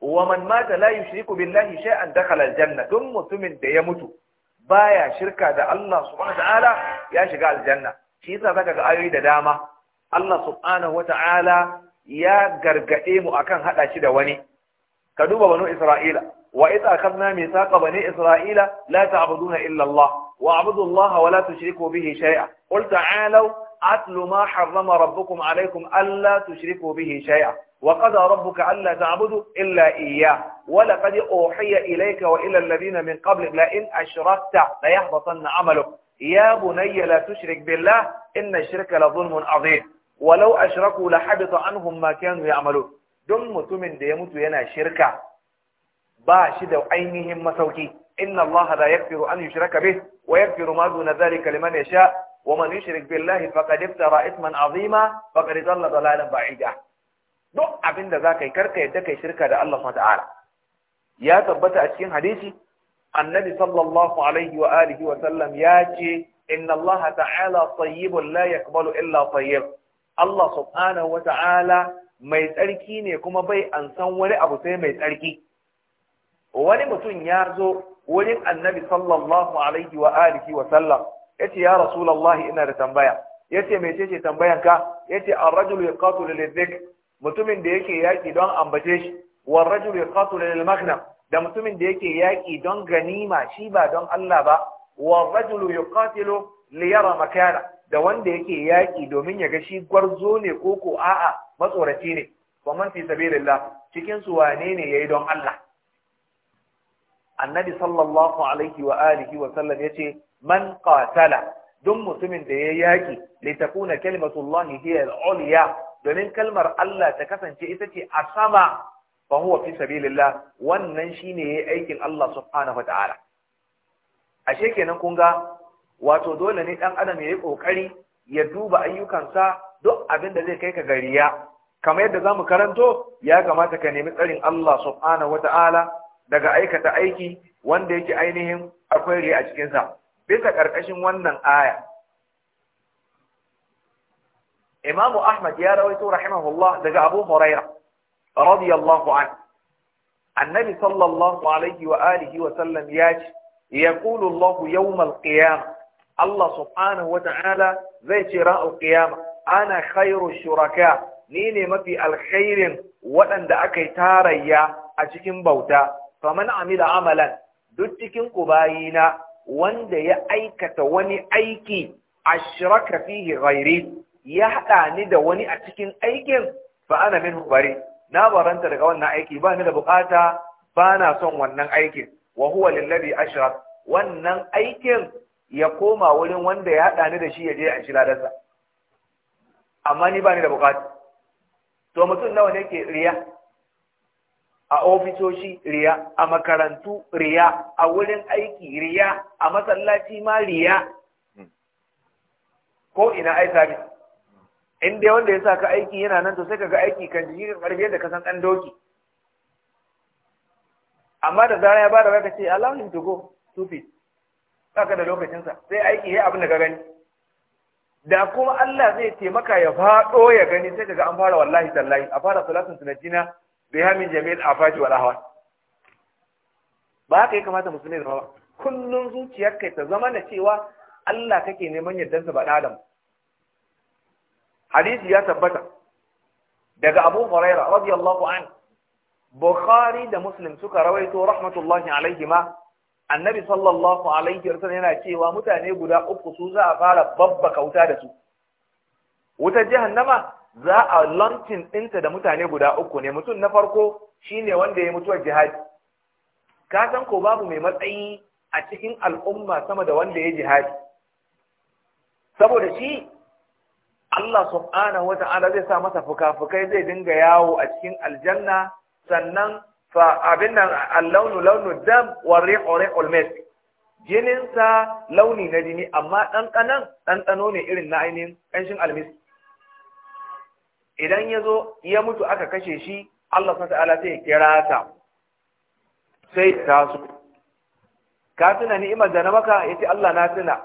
B: wa man mata la yushriku billahi shay'an dakhala al-janna don mutumin da ya mutu baya shirka da Allah subhanahu ta'ala ya shiga aljanna shi yasa zaka ga ayoyi da dama Allah subhanahu ta'ala ya gargade mu akan hada shi da wani ka duba banu Isra'ila wa idh akhadna mithaqa bani Isra'ila la ta'buduna illa Allah wa a'budu Allah wa la tushriku bihi shay'a qul ta'alu أتل ما حرم ربكم عليكم ألا تشركوا به شيئا وقضى ربك ألا تعبدوا إلا إياه ولقد أوحي إليك وإلى الذين من قبلك لئن أشركت ليحبطن عملك يا بني لا تشرك بالله إن الشرك لظلم عظيم ولو أشركوا لحبط عنهم ما كانوا يعملون دم متمن ديموت ينا mutu باشد shirka مسوكي إن الله لا يغفر أن يشرك به ويغفر ما دون ذلك لمن يشاء ومن يشرك بالله فقد افترى اثما عظيما فقد ضل ضلالا بعيدا duk abin da za ka yi karka yadda kai shirka da Allah ta'ala ya tabbata a cikin hadisi annabi sallallahu alaihi wa alihi wa sallam ya ce inna Allah ta'ala tayyibun la yaqbalu illa tayyib Allah subhanahu wa ta'ala mai tsarki ne kuma bai an san wani abu sai mai tsarki wani mutum ya zo wurin annabi sallallahu alaihi wa alihi wa sallam yace ya rasulullahi ina da tambaya yace me ce tambayan ka yace ar-rajulu yaqatulu lidhik mutumin da yake yaƙi don ambace shi war rajulu yaqatulu da da mutumin da yake yaƙi don ganima shi ba don Allah ba war rajulu yuqatilu li Liyara makana da wanda yake yaƙi domin ya ga shi gwarzo ne ko ko a'a matsoraci ne kuma man fi sabilillah cikin su wane ne yayi don Allah annabi sallallahu alaihi wa alihi wa sallam yace man qatala duk mutumin da ya yaki li takuna kalimatullahi hiya al-ulya domin kalmar Allah ta kasance ita ce a sama fa huwa fi sabilillah wannan shine yayi aikin Allah subhanahu wataala ashe kenan kun ga wato dole ne dan adam yayi kokari ya duba ayyukansa duk abin da zai kai ka gariya kamar yadda zamu karanto ya kamata ka nemi tsarin Allah subhanahu ta'ala. daga aikata aiki wanda yake ainihin akwai riya a cikinsa bisa ƙarƙashin wannan aya imamu ahmad ya rawaito rahimahullah daga abu huraira radiyallahu an annabi sallallahu alaihi wa alihi wa sallam ya ce yaqulu allah yawm al Allah subhanahu wa ta'ala zai ce al qiyama ana khairu shuraka ni ne mafi alkhairin waɗanda aka yi tarayya a cikin bauta faman amila amalan duk cikin ku wanda ya aikata wani aiki ashraka fihi ghairi ya hada ni da wani a cikin aikin fa ana min bari na baranta daga wannan aiki ba ni da bukata ba na son wannan aikin wa huwa lillazi ashraf wannan aikin ya koma wurin wanda ya hada ni da shi ya je a shiladarsa amma ni ba ni da bukata to mutum nawa ne ke riya a ofisoshi riya a makarantu riya a wurin aiki riya a masallaci ma riya hmm. ko ina ai sabi in dai wanda ya sa ka aiki yana nan to sai ka ga aiki kan jiki ka karfe da kasan ɗan doki amma da zara ya bada baka ce allow him to go stupid saka da lokacinsa sai aiki ya abin da ka gani da kuma Allah zai taimaka ya faɗo ya gani sai kaga an fara wallahi tallahi a fara salatun sunajina biha min jami'il afati wal ahwa ba haka ya kamata musulmi zama ba kullun zuciyarka ta zama na cewa Allah kake neman yardansa ba adam hadisi ya tabbata daga Abu Huraira radiyallahu anhu Bukhari da Muslim suka rawaito rahmatullahi alaihima annabi sallallahu alaihi wasallam yana cewa mutane guda uku su za a fara babba kauta da su wutar jahannama za a launching ɗinta da mutane guda uku ne mutum na farko shine wanda ya mutuwa jihadi ka san ko babu mai matsayi a cikin al'umma sama da wanda ya jihadi saboda shi Allah subhanahu Ta'ala zai sa masa fuka-fukai zai dinga yawo a cikin aljanna sannan fa abin nan allaunu launu dam wa rihu rihul jinin jininsa launi na jini amma dan ɗanɗano ne irin na ainihin kanshin almiski idan ya zo ya mutu aka kashe shi Allah sun ta'ala sai ya kira ta sai ta su ka tuna ni'imar da na maka ya ce Allah na tuna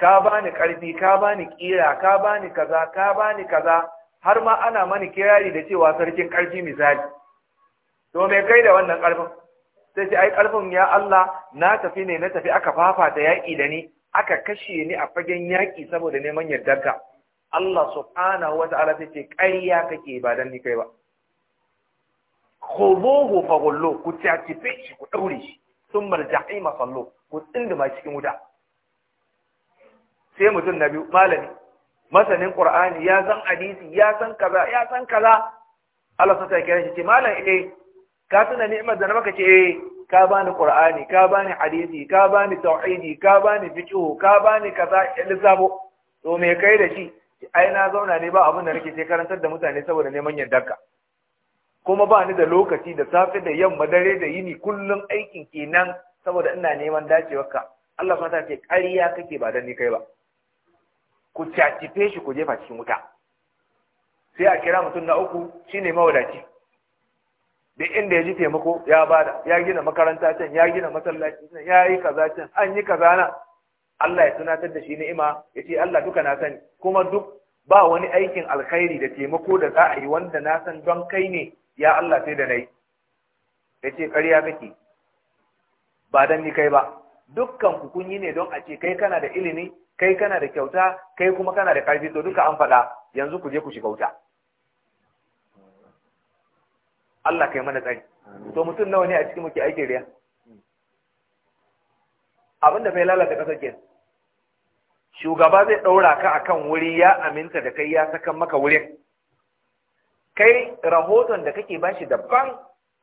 B: ka ba ni ƙarfi, ka ba ni ƙira, ka ba ni kaza ka ba ni kaza har ma ana mani kirari da cewa sarkin ƙarfi misali to me kai da wannan ƙarfin? sai ce ai ƙarfin ya Allah na tafi ne na tafi aka fafata yaƙi da ni aka kashe ni a fagen yaƙi saboda neman yardarka Allah subhanahu wa ta'ala sai ce ƙarya kake ba dan ni kai ba khuduhu faghullu ku tacife shi ku daure shi thumma al-jahima sallu ku ma cikin wuta sai mutum na biyu malami masanin qur'ani ya san hadisi ya san kaza ya san kaza Allah sai ya kira shi ce malam eh ka tuna ni'imar da na maka ce eh ka bani qur'ani ka bani hadisi ka bani tauhidi ka bani fiqh ka bani kaza lissafo to me kai da shi ai na zauna ne ba abin da nake sai karantar da mutane saboda neman yardarka kuma ba ni da lokaci da safe da yamma dare da yini kullum aikin kenan saboda ina neman dacewarka Allah ta ce ƙarya kake ba dan ni kai ba ku cacife shi ku jefa cikin wuta sai a kira mutum na uku shine mawadaci da inda ya ji taimako ya bada ya gina makaranta can ya gina masallaci ya yi kaza can an yi kaza na Allah ya tunatar da shi ni'ima ya ce Allah duka na sani kuma duk ba wani aikin alkhairi da taimako da za a yi wanda na san don kai ne ya Allah sai da nai ya ce ƙarya kake ba don ni kai ba dukkan ku kun yi ne don a ce kai kana da ilimi kai kana da kyauta kai kuma kana da ƙarfi to duka an faɗa yanzu ku je ku shiga wuta Allah kai mana tsari to mutum nawa ne a cikin muke aikin riya abin da fa lalata ƙasar kenan shugaba zai ɗaura ka akan wuri ya aminta da kai ya sakan maka wurin kai rahoton da kake bashi daban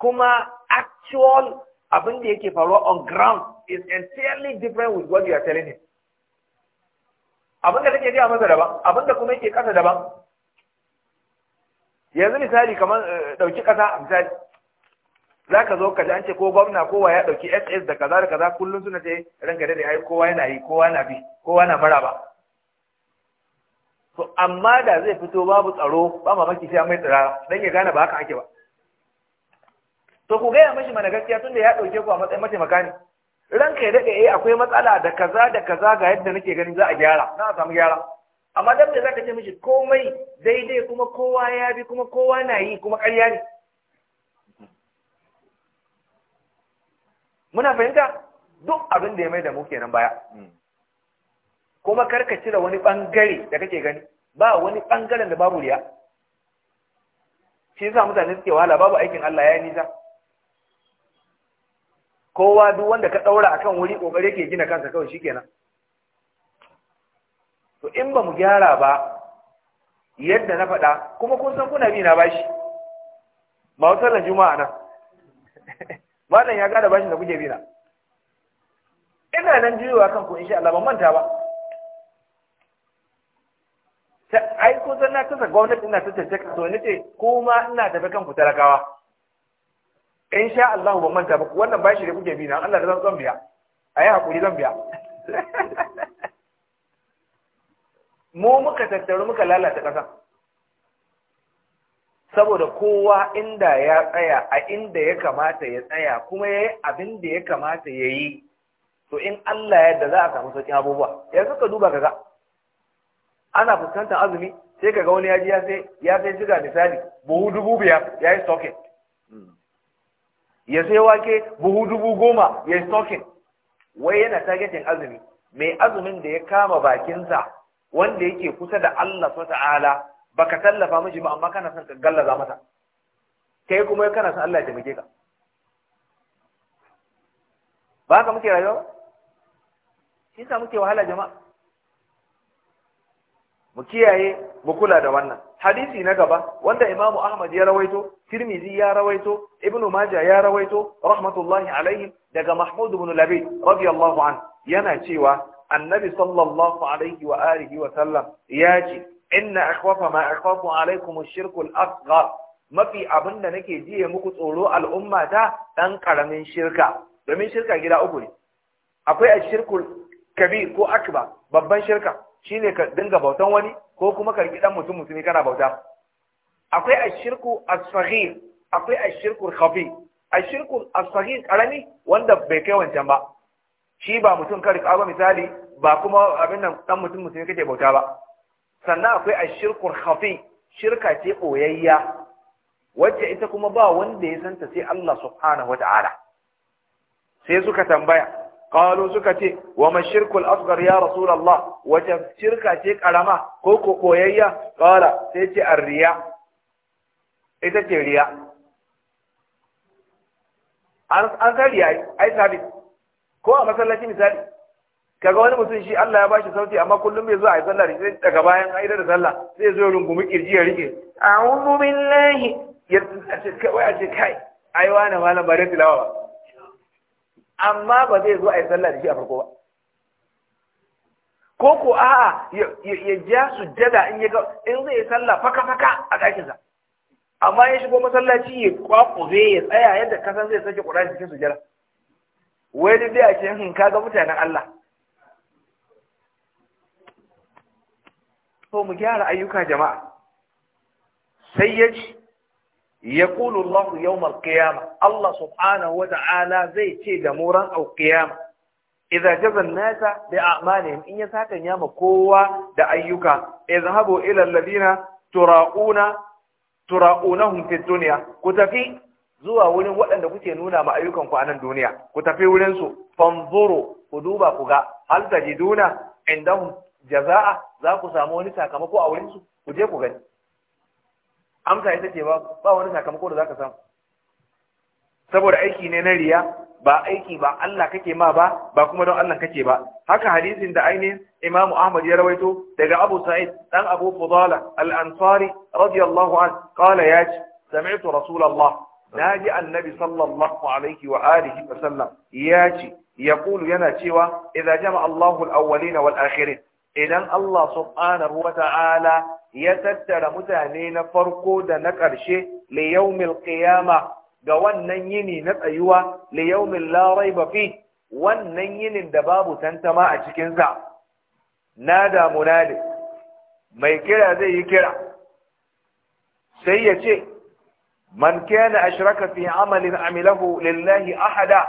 B: kuma actual abin da yake faruwa on ground is entirely different with what you are telling him abin da kake a masa daban abin da kuma yake kasa daban yanzu misali kamar eh, ɗauki ƙasa misali za ka zo ka ji an ce ko gwamna kowa ya ɗauki ss da kaza da kaza kullum suna ce ranka da ai kowa yana yi kowa na bi kowa na ba to amma da zai fito babu tsaro ba mamaki sai mai tsirara, dan ya gane ba haka ake ba to ku gaya mashi mana gaskiya tunda ya ɗauke ku a matsayin mataimaka ne ranka ya daɗe eh akwai matsala da kaza da kaza ga yadda nake gani za a gyara na samu gyara amma dan me zaka ce mishi komai daidai kuma kowa ya bi kuma kowa na yi kuma ƙarya ne muna fahimta duk abin da ya mai da mu kenan baya hmm. kuma ka cire wani bangare da kake gani ba wani bangaren da babu riya shi yasa mutane suke wahala babu aikin Allah ya nisa kowa duk wanda ka daura akan wuri kokare ke gina kansa kawai kenan. to in ba mu gyara ba yadda na faɗa kuma kun san kuna bi na bashi ba wutar juma'a nan (laughs) malam ya gane bashin da kuke bina ina nan jiwa kan ku insha Allah ban manta ba ta ai ko zan na kasa gwamnati ina ta tace to nace ko ma ina tafi kan ku talakawa insha Allah ban manta ba wannan bashi da kuke bina Allah da zan biya ayi hakuri zan biya (laughs) mu muka tattaru muka lalata kasa saboda kowa inda ya tsaya a inda ya kamata ya tsaya kuma ya yi abin da ya kamata ya yi to in Allah yadda za a samu sauƙin abubuwa ya suka duba kaga ana fuskantar azumi sai kaga wani yaji ya sai ya sai shiga misali buhu dubu biyar ya yi stocking ya sai wake buhu dubu goma ya yi stocking wai yana targetin azumi mai azumin da ya kama bakinsa wanda yake kusa da Allah subhanahu baka tallafa miji ba amma kana son ka gallaza mata kai kuma kana son Allah ya taimake ka ba ka muke rayuwa shi yasa muke wahala jama'a mu kiyaye mu kula da wannan hadisi na gaba wanda Imam Ahmad ya rawaito Tirmidhi ya rawaito Ibn Majah ya rawaito rahmatullahi alaihi daga Mahmud ibn Labid radiyallahu anhu yana cewa annabi sallallahu alaihi wa alihi wa sallam ya ce inna akhwafa ma akhwafu alaikum ash-shirku al-asghar mafi abinda nake jiye muku tsoro al'umma ta dan karamin shirka domin shirka gida uku ne akwai ash-shirku kabir ko akbar babban shirka shine ka dinga bautan wani ko kuma ka riki dan mutum mutumi kana bauta akwai ash-shirku as-saghir akwai ash-shirku al-khafi ash-shirku as-saghir karami wanda bai kai wancan ba shi ba mutum ka rika ba misali ba kuma abin nan dan mutum mutumi kake bauta ba sannan akwai ashirkul hafi shirka ce ɓoyayya wacce ita kuma ba wanda ya santa sai Allah subhanahu sai suka tambaya qalu suka ce wa ma shirkul asghar ya Rasulallah? wace shirka ce karama ko ko ɓoyayya qala sai ce ita ce riya an san riya ai sabi ko a masallaci misali kaga wani mutum shi Allah ya bashi sauti amma kullum bai zo a yi sallah sai daga bayan aida da sallah sai zo rungumi kirji ya rike a'udhu billahi ya ce kai a ce kai ai wani malam bare tilawa ba amma ba zai zo a sallah da shi a farko ba ko ko a'a ya ja sujjada in ya ga in zai sallah faka faka a dakin sa amma ya shigo masallaci ya kwakwabe ya tsaya yadda kasan zai sake kuɗa cikin sujjada wai dai a ce hin hmm, kaga mutanen Allah so mu gyara ayyuka jama'a sai ya ce ya ƙulu Allah yawmal Allah subhanahu wa ta'ala zai ce da moran au Idan idza jazan nasa bi a'malihim in ya sakan yama kowa da ayyuka izhabu ila alladhina tura'una tura'unahum fi ku tafi zuwa wurin waɗanda kuke nuna ma ayyukan ku a nan duniya ku tafi wurin su fanzuru ku duba ku ga hal tajiduna indahum jaza'a za ku samu wani sakamako a wurinsu ku je ku gani amsa ita ce ba ba wani sakamako da za ka samu saboda aiki ne na riya ba aiki ba Allah kake ma ba ba kuma don Allah kake ba haka hadisin da ainihin Imam Ahmad ya rawaito daga Abu Sa'id dan Abu Fudala al-Ansari radiyallahu an qala ya ce sami'tu Rasulullah naji annabi sallallahu alaihi wa alihi wa sallam ya ce yaqulu yana cewa idza jama'a Allahu al-awwalina wal akhirin idan Allah subhanahu wata'ala ya tattara mutane na farko da na ƙarshe li yawmil qiyama ga wannan yini na tsayuwa li yawmil la fi wannan yinin da babu tantama a cikin sa nada munadi mai kira zai yi kira sai ya ce man kana ashraka fi amalin amilahu lillahi ahada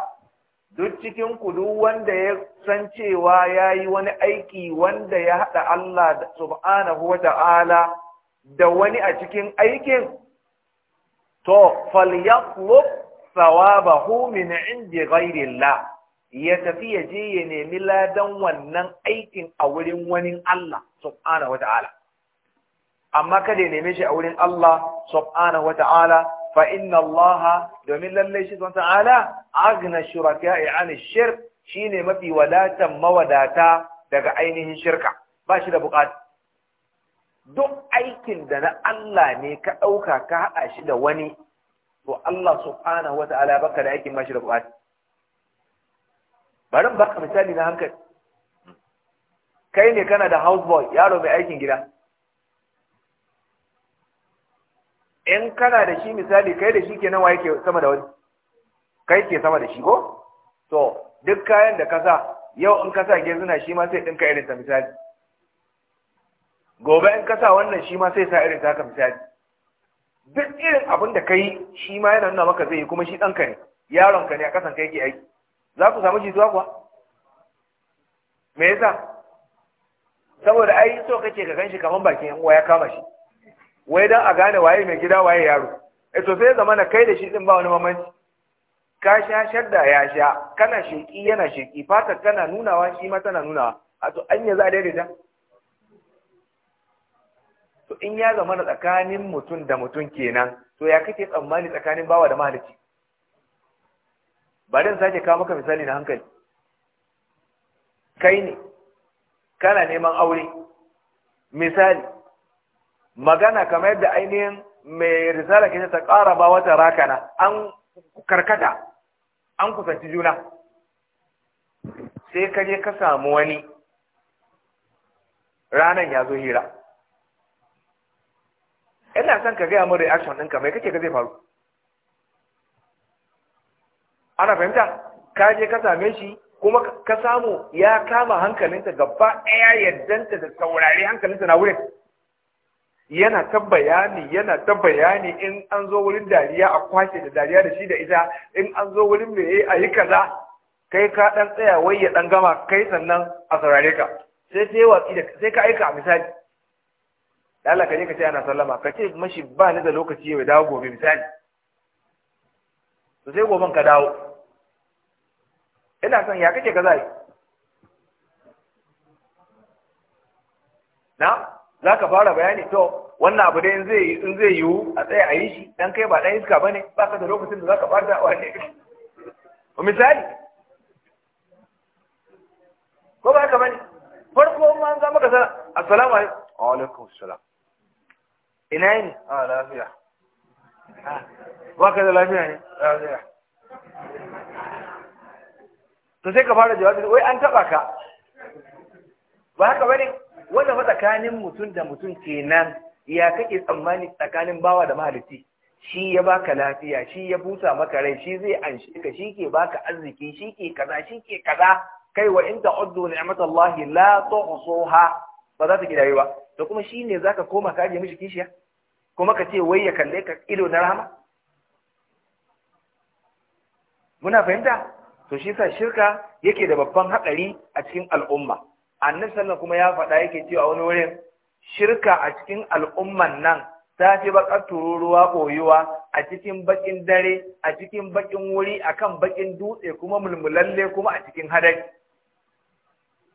B: duk cikin kudu wanda ya san cewa ya yi wani aiki wanda ya haɗa Allah subhanahu wa ta'ala da wani a cikin aikin to falyatlub thawabahu min indi ghairillah ya tafi ya je ya nemi ladan wannan aikin a wurin wani Allah subhanahu wa ta'ala amma kada ya neme shi a wurin Allah subhanahu wa ta'ala fa inna Allaha domin lalle shi subhanahu ta'ala aghna shuraka'i 'an ash-shirk shine mafi wadatan mawadata daga ainihin shirka ba shi da bukata duk aikin da na Allah ne ka dauka ka hada shi da wani to Allah subhanahu wata'ala baka da aikin ba shi da bukata bari baka misali na hankali kai ne kana da houseboy yaro mai aikin gida in kana da shi misali kai da shi ke wa yake sama da wani kai ke sama da shi ko to duk kayan da ka sa yau in ka sa gezuna shi ma sai dinka irin ta misali gobe in ka sa wannan shi ma sai sa irin ta misali duk irin abin da kai shi ma yana nuna maka zai yi kuma shi ɗanka ne yaronka ne a ƙasan kai ke aiki za ku samu jituwa kuwa me yasa saboda ai so kake ka ganshi kaman bakin yan uwa ya kama shi wai dan a gane waye mai gida waye yaro eh to sai zamana kai da shi din ba wani mamanci ka sha shadda ya sha kana sheki yana sheki Fata kana nunawa shi ma tana nunawa a to anya za dai daidaita to in ya zama na tsakanin mutum da mutum kenan to ya kake tsammani tsakanin bawa da mahalici ba dan sake kawo maka misali na hankali kai ne kana neman aure misali magana kamar yadda ainihin mai risala ke ta ƙara ba wata rakana an karkata an kusanci juna sai ka je ka samu wani ranan ya zo hira ina son ka gaya min reaction ɗinka mai kake ka zai faru ana fahimta ka je ka same shi kuma ka samu ya kama hankalinta gaba ɗaya yaddanta da saurari hankalinta na wurin yana ta bayani yana ta bayani in an zo wurin dariya a kwashe da dariya da shi da ita in an zo wurin me yayi a yi kaza kai ka dan tsaya wai ya dan gama kai sannan a saurare ka sai sai watsi da sai ka aika a misali Allah ka je ka ce ana sallama ka ce mashi ba ni da lokaci ya dawo gobe misali to sai gobe ka dawo ina son ya kake kaza zai na za ka fara bayani to wannan abu dai in zai yiwu a tsaye a yi shi dan kai ba ɗan iska ba ne ba ka da lokacin da za ka fara da'awa ne (laughs) misali ko ba ka ba ne farko ma za maka sana assalamu alaikum wa alaikum ina yi ne a
A: ah, lafiya ah, ba ka da lafiya ne lafiya
B: to sai ka fara jawabi wai an taba ka ba haka bane wanda fa tsakanin mutum da mutum kenan ya kake tsammani tsakanin bawa da mahalici shi ya baka lafiya shi ya busa maka rai shi zai anshe ka shi ke baka arziki shi ke kaza shi ke kaza kai wa in ta'uddu ni'matallahi la tuhsuha ba za ta gidaye ba to kuma shi ne zaka koma ka je mishi kishiya kuma ka ce wai ya kalle ka ido na rahama muna fahimta to shi sa shirka yake da babban haɗari a cikin al'umma annabi sallallahu kuma ya faɗa yake cewa wani wurin shirka a cikin al'umman nan ta fi bakar tururuwa koyuwa a cikin bakin dare a cikin bakin wuri akan bakin dutse kuma mulmulalle kuma a cikin hadari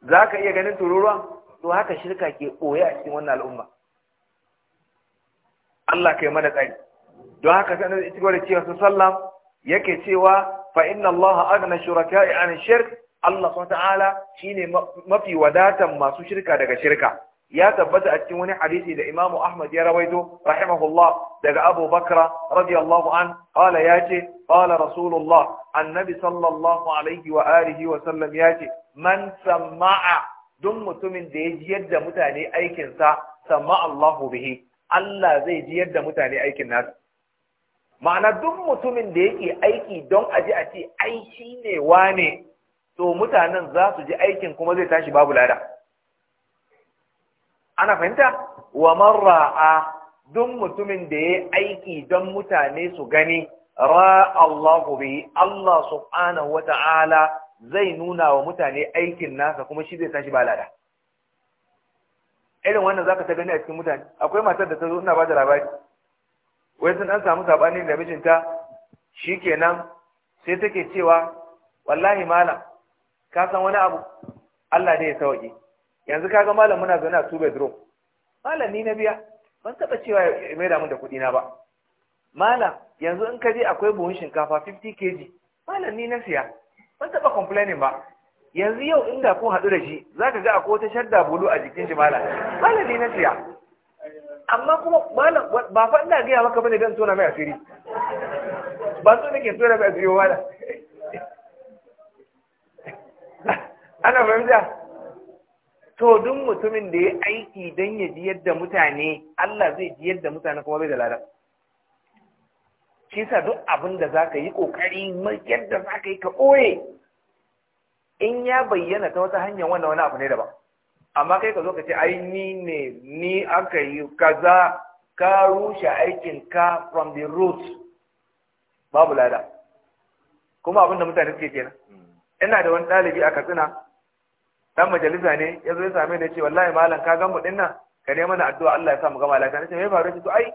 B: za ka iya ganin tururuwa to haka shirka ke ɓoye a cikin wannan al'umma Allah kai mana tsari don haka sanar da ita gwada cewa su sallam yake cewa fa inna Allah agna shuraka'i an shirk Allah ta'ala shine mafi wadatan masu shirka daga shirka ya tabbata a cikin wani hadisi da Imam Ahmad ya rawaito rahimahullah daga Abu Bakra radiyallahu an qala yace qala Rasulullah annabi sallallahu alaihi wa alihi wa sallam man sama'a duk mutumin da ya ji yadda mutane aikin sa sama Allahu bihi Allah zai ji yadda mutane aikin nasu ma'ana duk mutumin da yake aiki don ji a ce ai shine wane to mutanen za su ji aikin kuma zai tashi babu lada ana fahimta wa marra'a duk mutumin da ya aiki don mutane su gani ra Allahu bihi Allah subhanahu wata'ala zai nuna wa mutane aikin nasa kuma shi zai tashi ba lada irin wannan zaka ta gani a cikin mutane akwai matar da ta zo ina ba da labari wai sun an samu sabani da mijinta shikenan sai take cewa wallahi malam ka san wani abu Allah ne ya sauke yanzu kaga malam muna zauna a two bedroom malam ni na biya ban taba cewa ya mai mun da kuɗi na ba malam yanzu in ka je akwai buhun shinkafa 50 kg malam ni na siya ban taba complaining ba yanzu yau inda kun hadu da shi zaka ga akwai wata shadda bulu a jikin shi malam malam ni na siya amma kuma malam ba fa ina gaya maka bane dan tona mai asiri ba so nake tona mai asiri ba malam ana fahimta to duk mutumin da ya aiki don ya ji yadda mutane Allah zai ji yadda mutane kuma bai da lada Kisa duk abin da zaka yi kokari yadda ka yi ka ɓoye in ya bayyana ta wata hanyar wannan wani abu ne daban amma kai ka zo ka ce ai ni ne ni aka yi kaza ka rushe aikin ka from the root babu lada kuma abin da mutane suke kenan hmm. ina da wani ɗalibi a katsina dan majalisa ne ya zo ya same ni ya ce wallahi malam ka gan mu din ka ne mana addu'a Allah ya sa mu gama lafiya nace me faru to ai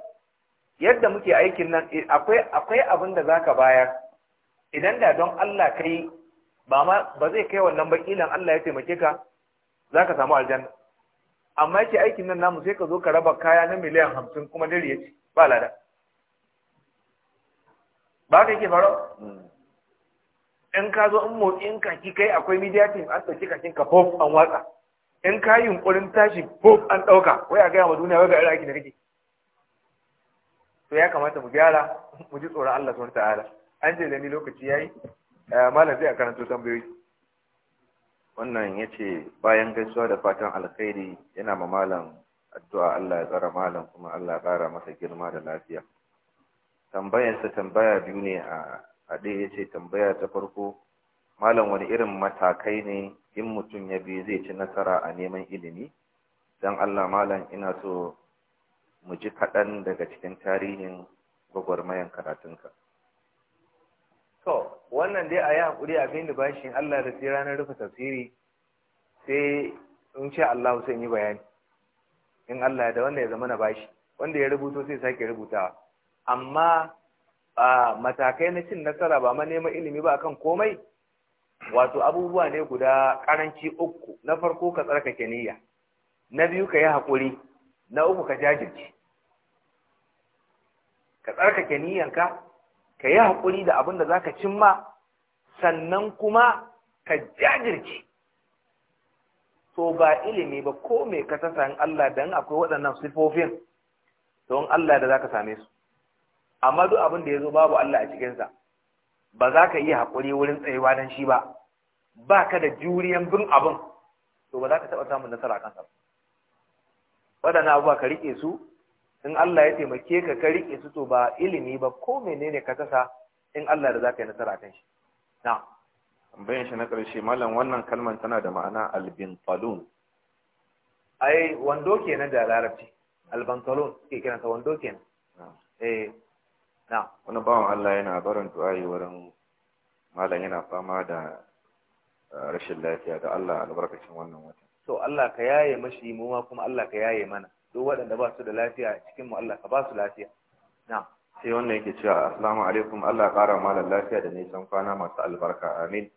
B: yadda muke aikin nan eh, akwai akwai abin da zaka bayar idan da don Allah kai ba ma ba zai kai wannan ba Allah ya taimake ka zaka samu aljanna amma yake aikin nan namu sai ka zo ka raba kaya na miliyan hamsin kuma dare ya ce ba lada ba ka yake faro in ka zo in motsin kaki kai akwai media team an ɗauki kakin ka pop an watsa in ka yi yunkurin tashi pop an ɗauka wai a gaya ma duniya wai ga irin aiki da kake to ya kamata mu gyara mu ji tsoron Allah subhanahu ta'ala an je
A: da ni lokaci yayi eh, malam zai a karanto tambayoyi wannan yace bayan gaisuwa da fatan alkhairi yana ma malam addu'a Allah ya tsara malam kuma Allah ya ƙara masa girma da lafiya tambayarsa tambaya biyu ne a haɗe ya ce tambaya ta farko malam wani irin matakai ne in mutum ya bi zai ci nasara a neman ilimi don allah malam ina so mu ji kaɗan daga cikin tarihin gwagwarmayan karatunka
B: to wannan dai a yi haƙuri a da bashin allah da sai ranar rufe tafsiri sai in ce allah sai yi bayani in allah da wanda ya zama na bashi wanda ya rubuto sai sake rubutawa amma a matakai na cin nasara ba ma neman ilimi ba akan komai wato abubuwa ne guda karanci uku na farko ka tsarkake niyya na biyu ka yi haƙuri na uku ka jajirce ka tsarkake niyyanka ka yi hakuri da abin da za ka cimma sannan kuma ka jajirce to ba ilimi ba ko mai ka in Allah dan akwai waɗannan sifofin don Allah da za ka same su amma duk abin da ya zo babu Allah a cikinsa ba za ka iya haƙuri wurin tsayuwa don shi ba ba ka da juriyan bin abin to ba za ka taɓa samun nasara a kansa waɗannan abubuwa ka riƙe su in Allah ya taimake ka ka riƙe su to ba ilimi ba ko menene ka tasa in Allah da za ka yi nasara kan shi
A: na Tambayar shi na ƙarshe malam wannan kalman tana da ma'ana albintalun
B: ai wando kenan da larabci albantalon suke kiransa wando kenan eh na
A: wani bawan Allah yana barin du'ayi wurin malam yana fama da uh, rashin lafiya da Allah albarkacin wannan wata
B: to Allah ka yaye mashi mu ma kuma Allah ka yaye mana duk waɗanda ba su da lafiya cikin mu Allah ka ba su lafiya na
A: sai wannan yake cewa assalamu alaikum Allah ƙara malam lafiya da nisan kwana masu albarka amin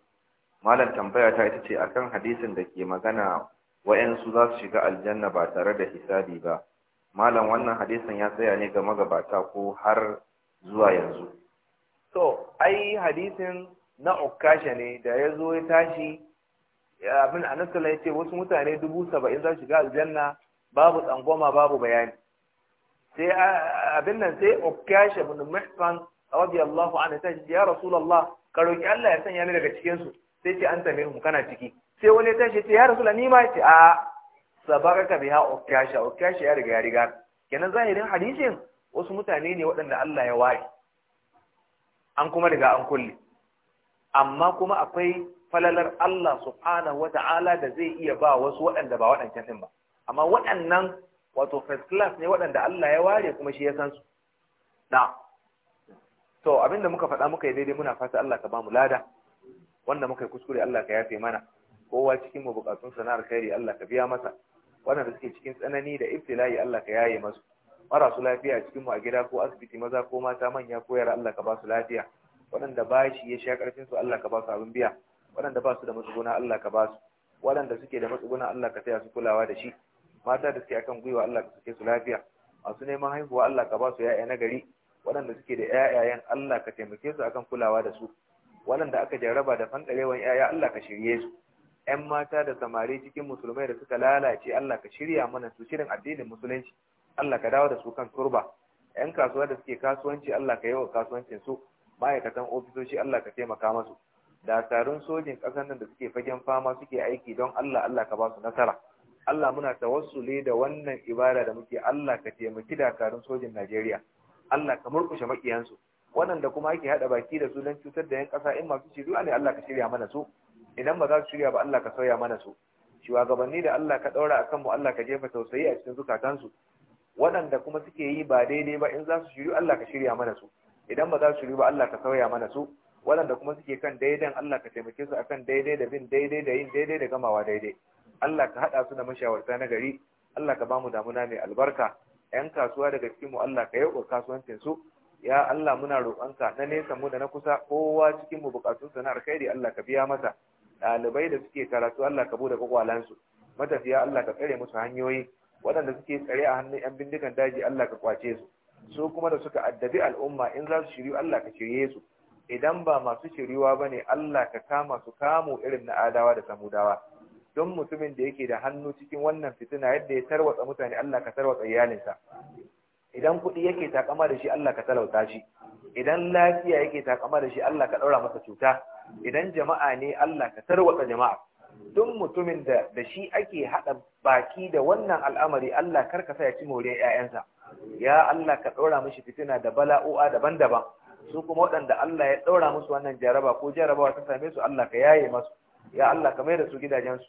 A: malam tambaya ta ita ce akan hadisin da ke magana wa'yansu za su shiga aljanna ba tare da hisabi ba malam wannan hadisin ya tsaya ne ga magabata ko har zuwa yanzu
B: to ai hadisin na ukasha ne da ya zo ya tashi abin anasala ya ce wasu mutane dubu saba'in za su shiga aljanna babu tsangoma babu bayani sai abin nan sai ukasha bin mihsan radiyallahu anhu sai ya rasulullah ka roki Allah ya sanya ni daga cikin sai ce an anta mu kana ciki sai wani ya tashi ya ce ya rasulullah ni ma ya ce a sabaraka biha ukasha ukasha ya riga ya riga kenan zahirin hadisin wasu mutane ne waɗanda Allah ya ware an kuma riga an kulle amma kuma akwai falalar Allah subhanahu Ta'ala da zai iya ba wasu waɗanda ba waɗancan din ba amma waɗannan wato first class ne waɗanda Allah ya ware kuma shi ya san su na to abinda muka faɗa muka yi daidai muna fata Allah ka ba mu lada wanda muka yi kuskure Allah ka yafe mana kowa cikin mu bukatun sana'ar kairi Allah ka biya masa wanda suke cikin tsanani da ibtila'i Allah ka yaye masu marasu lafiya a cikinmu a gida ko asibiti maza ko mata manya ko yara Allah ka ba su lafiya waɗanda ba shi ya sha ƙarfin su Allah ka ba su abin biya waɗanda ba su da matsuguna Allah ka ba su waɗanda suke da matsuguna Allah ka taya su kulawa da shi mata da suke akan gwiwa Allah ka suke su lafiya masu neman haihuwa Allah ka ba su ya'ya na gari waɗanda suke da ya'yayen Allah ka taimake su akan kulawa da su waɗanda aka jarraba da fankarewan 'ya'ya, Allah ka shirye su ƴan mata da samari cikin musulmai da suka lalace Allah ka shirya mana su shirin addinin musulunci Allah ka dawo da su kan turba yan kasuwa da suke kasuwanci Allah ka yi wa kasuwancin su ma'aikatan ofisoshi Allah ka taimaka masu dakarun sojin ƙasar nan da suke fagen fama suke aiki don Allah Allah ka ba su nasara Allah muna tawassuli da wannan ibada da muke Allah ka taimaki dakarun sojin Najeriya Allah ka murkushe makiyansu waɗanda kuma ake haɗa baki da su don cutar da 'yan ƙasa in masu shirya ne Allah ka shirya mana su idan ba za su shirya ba Allah ka sauya mana su shugabanni da Allah ka ɗaura a kanmu Allah ka jefa tausayi a cikin zukatansu waɗanda kuma suke yi ba daidai ba in za su shiryu Allah ka shirya mana su idan ba za su shiryu ba Allah ka sauya mana su waɗanda kuma suke kan daidai Allah ka taimake su akan daidai da bin daidai da yin daidai da gamawa daidai Allah ka haɗa su da mashawarta na gari Allah ka ba mu damuna mai albarka yan kasuwa daga cikin mu Allah ka yauka kasuwancin su ya Allah muna roƙonka na nesa mu da na kusa kowa cikin mu bukatun sa na alkhairi Allah ka biya masa ɗalibai da suke karatu Allah ka bude kwakwalansu matafiya Allah ka tsare musu hanyoyi waɗanda suke tsare a hannun yan bindigan daji Allah ka kwace su su kuma da suka addabi al'umma in za su shiryu Allah ka shirye su idan ba masu shiryuwa ba ne Allah ka kama su kamo irin na adawa da samudawa don mutumin da yake da hannu cikin wannan fitina yadda ya tarwatsa mutane Allah ka tarwatsa iyalinsa idan kuɗi yake takama da shi Allah ka talauta shi idan lafiya yake takama da shi Allah ka ɗaura masa cuta idan jama'a ne Allah ka tarwatsa jama'a duk mutumin da da shi ake haɗa baki da wannan al'amari Allah karkasa ya ci moriyar ƴaƴansa, ya Allah ka ɗora mishi fitina da bala'o'a daban-daban su kuma waɗanda Allah ya ɗora musu wannan jaraba ko jarabawa ta same su Allah ka yaye masu ya Allah ka mai da su gidajensu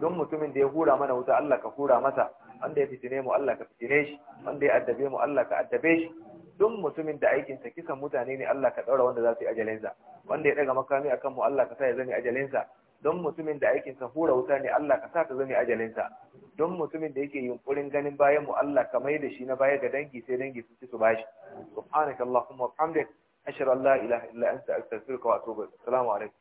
B: duk mutumin da ya hura mana wuta Allah ka hura masa wanda ya fitine mu Allah ka fitine shi wanda ya addabe mu Allah ka addabe shi duk mutumin da aikinsa kisan mutane ne Allah ka daura wanda za su yi ajalinsa wanda ya ɗaga makami akan mu Allah ka sa ya zame ajalinsa don mutumin da aikinsa hura wuta ne Allah ka sa ta zame ajalinsa don mutumin da yake yunkurin ganin bayan mu Allah ka mai da shi na baya ga dangi sai dangi su ci su bashi subhanakallahumma wa bihamdik ashhadu an la ilaha illa anta astaghfiruka wa atubu ilaik assalamu alaikum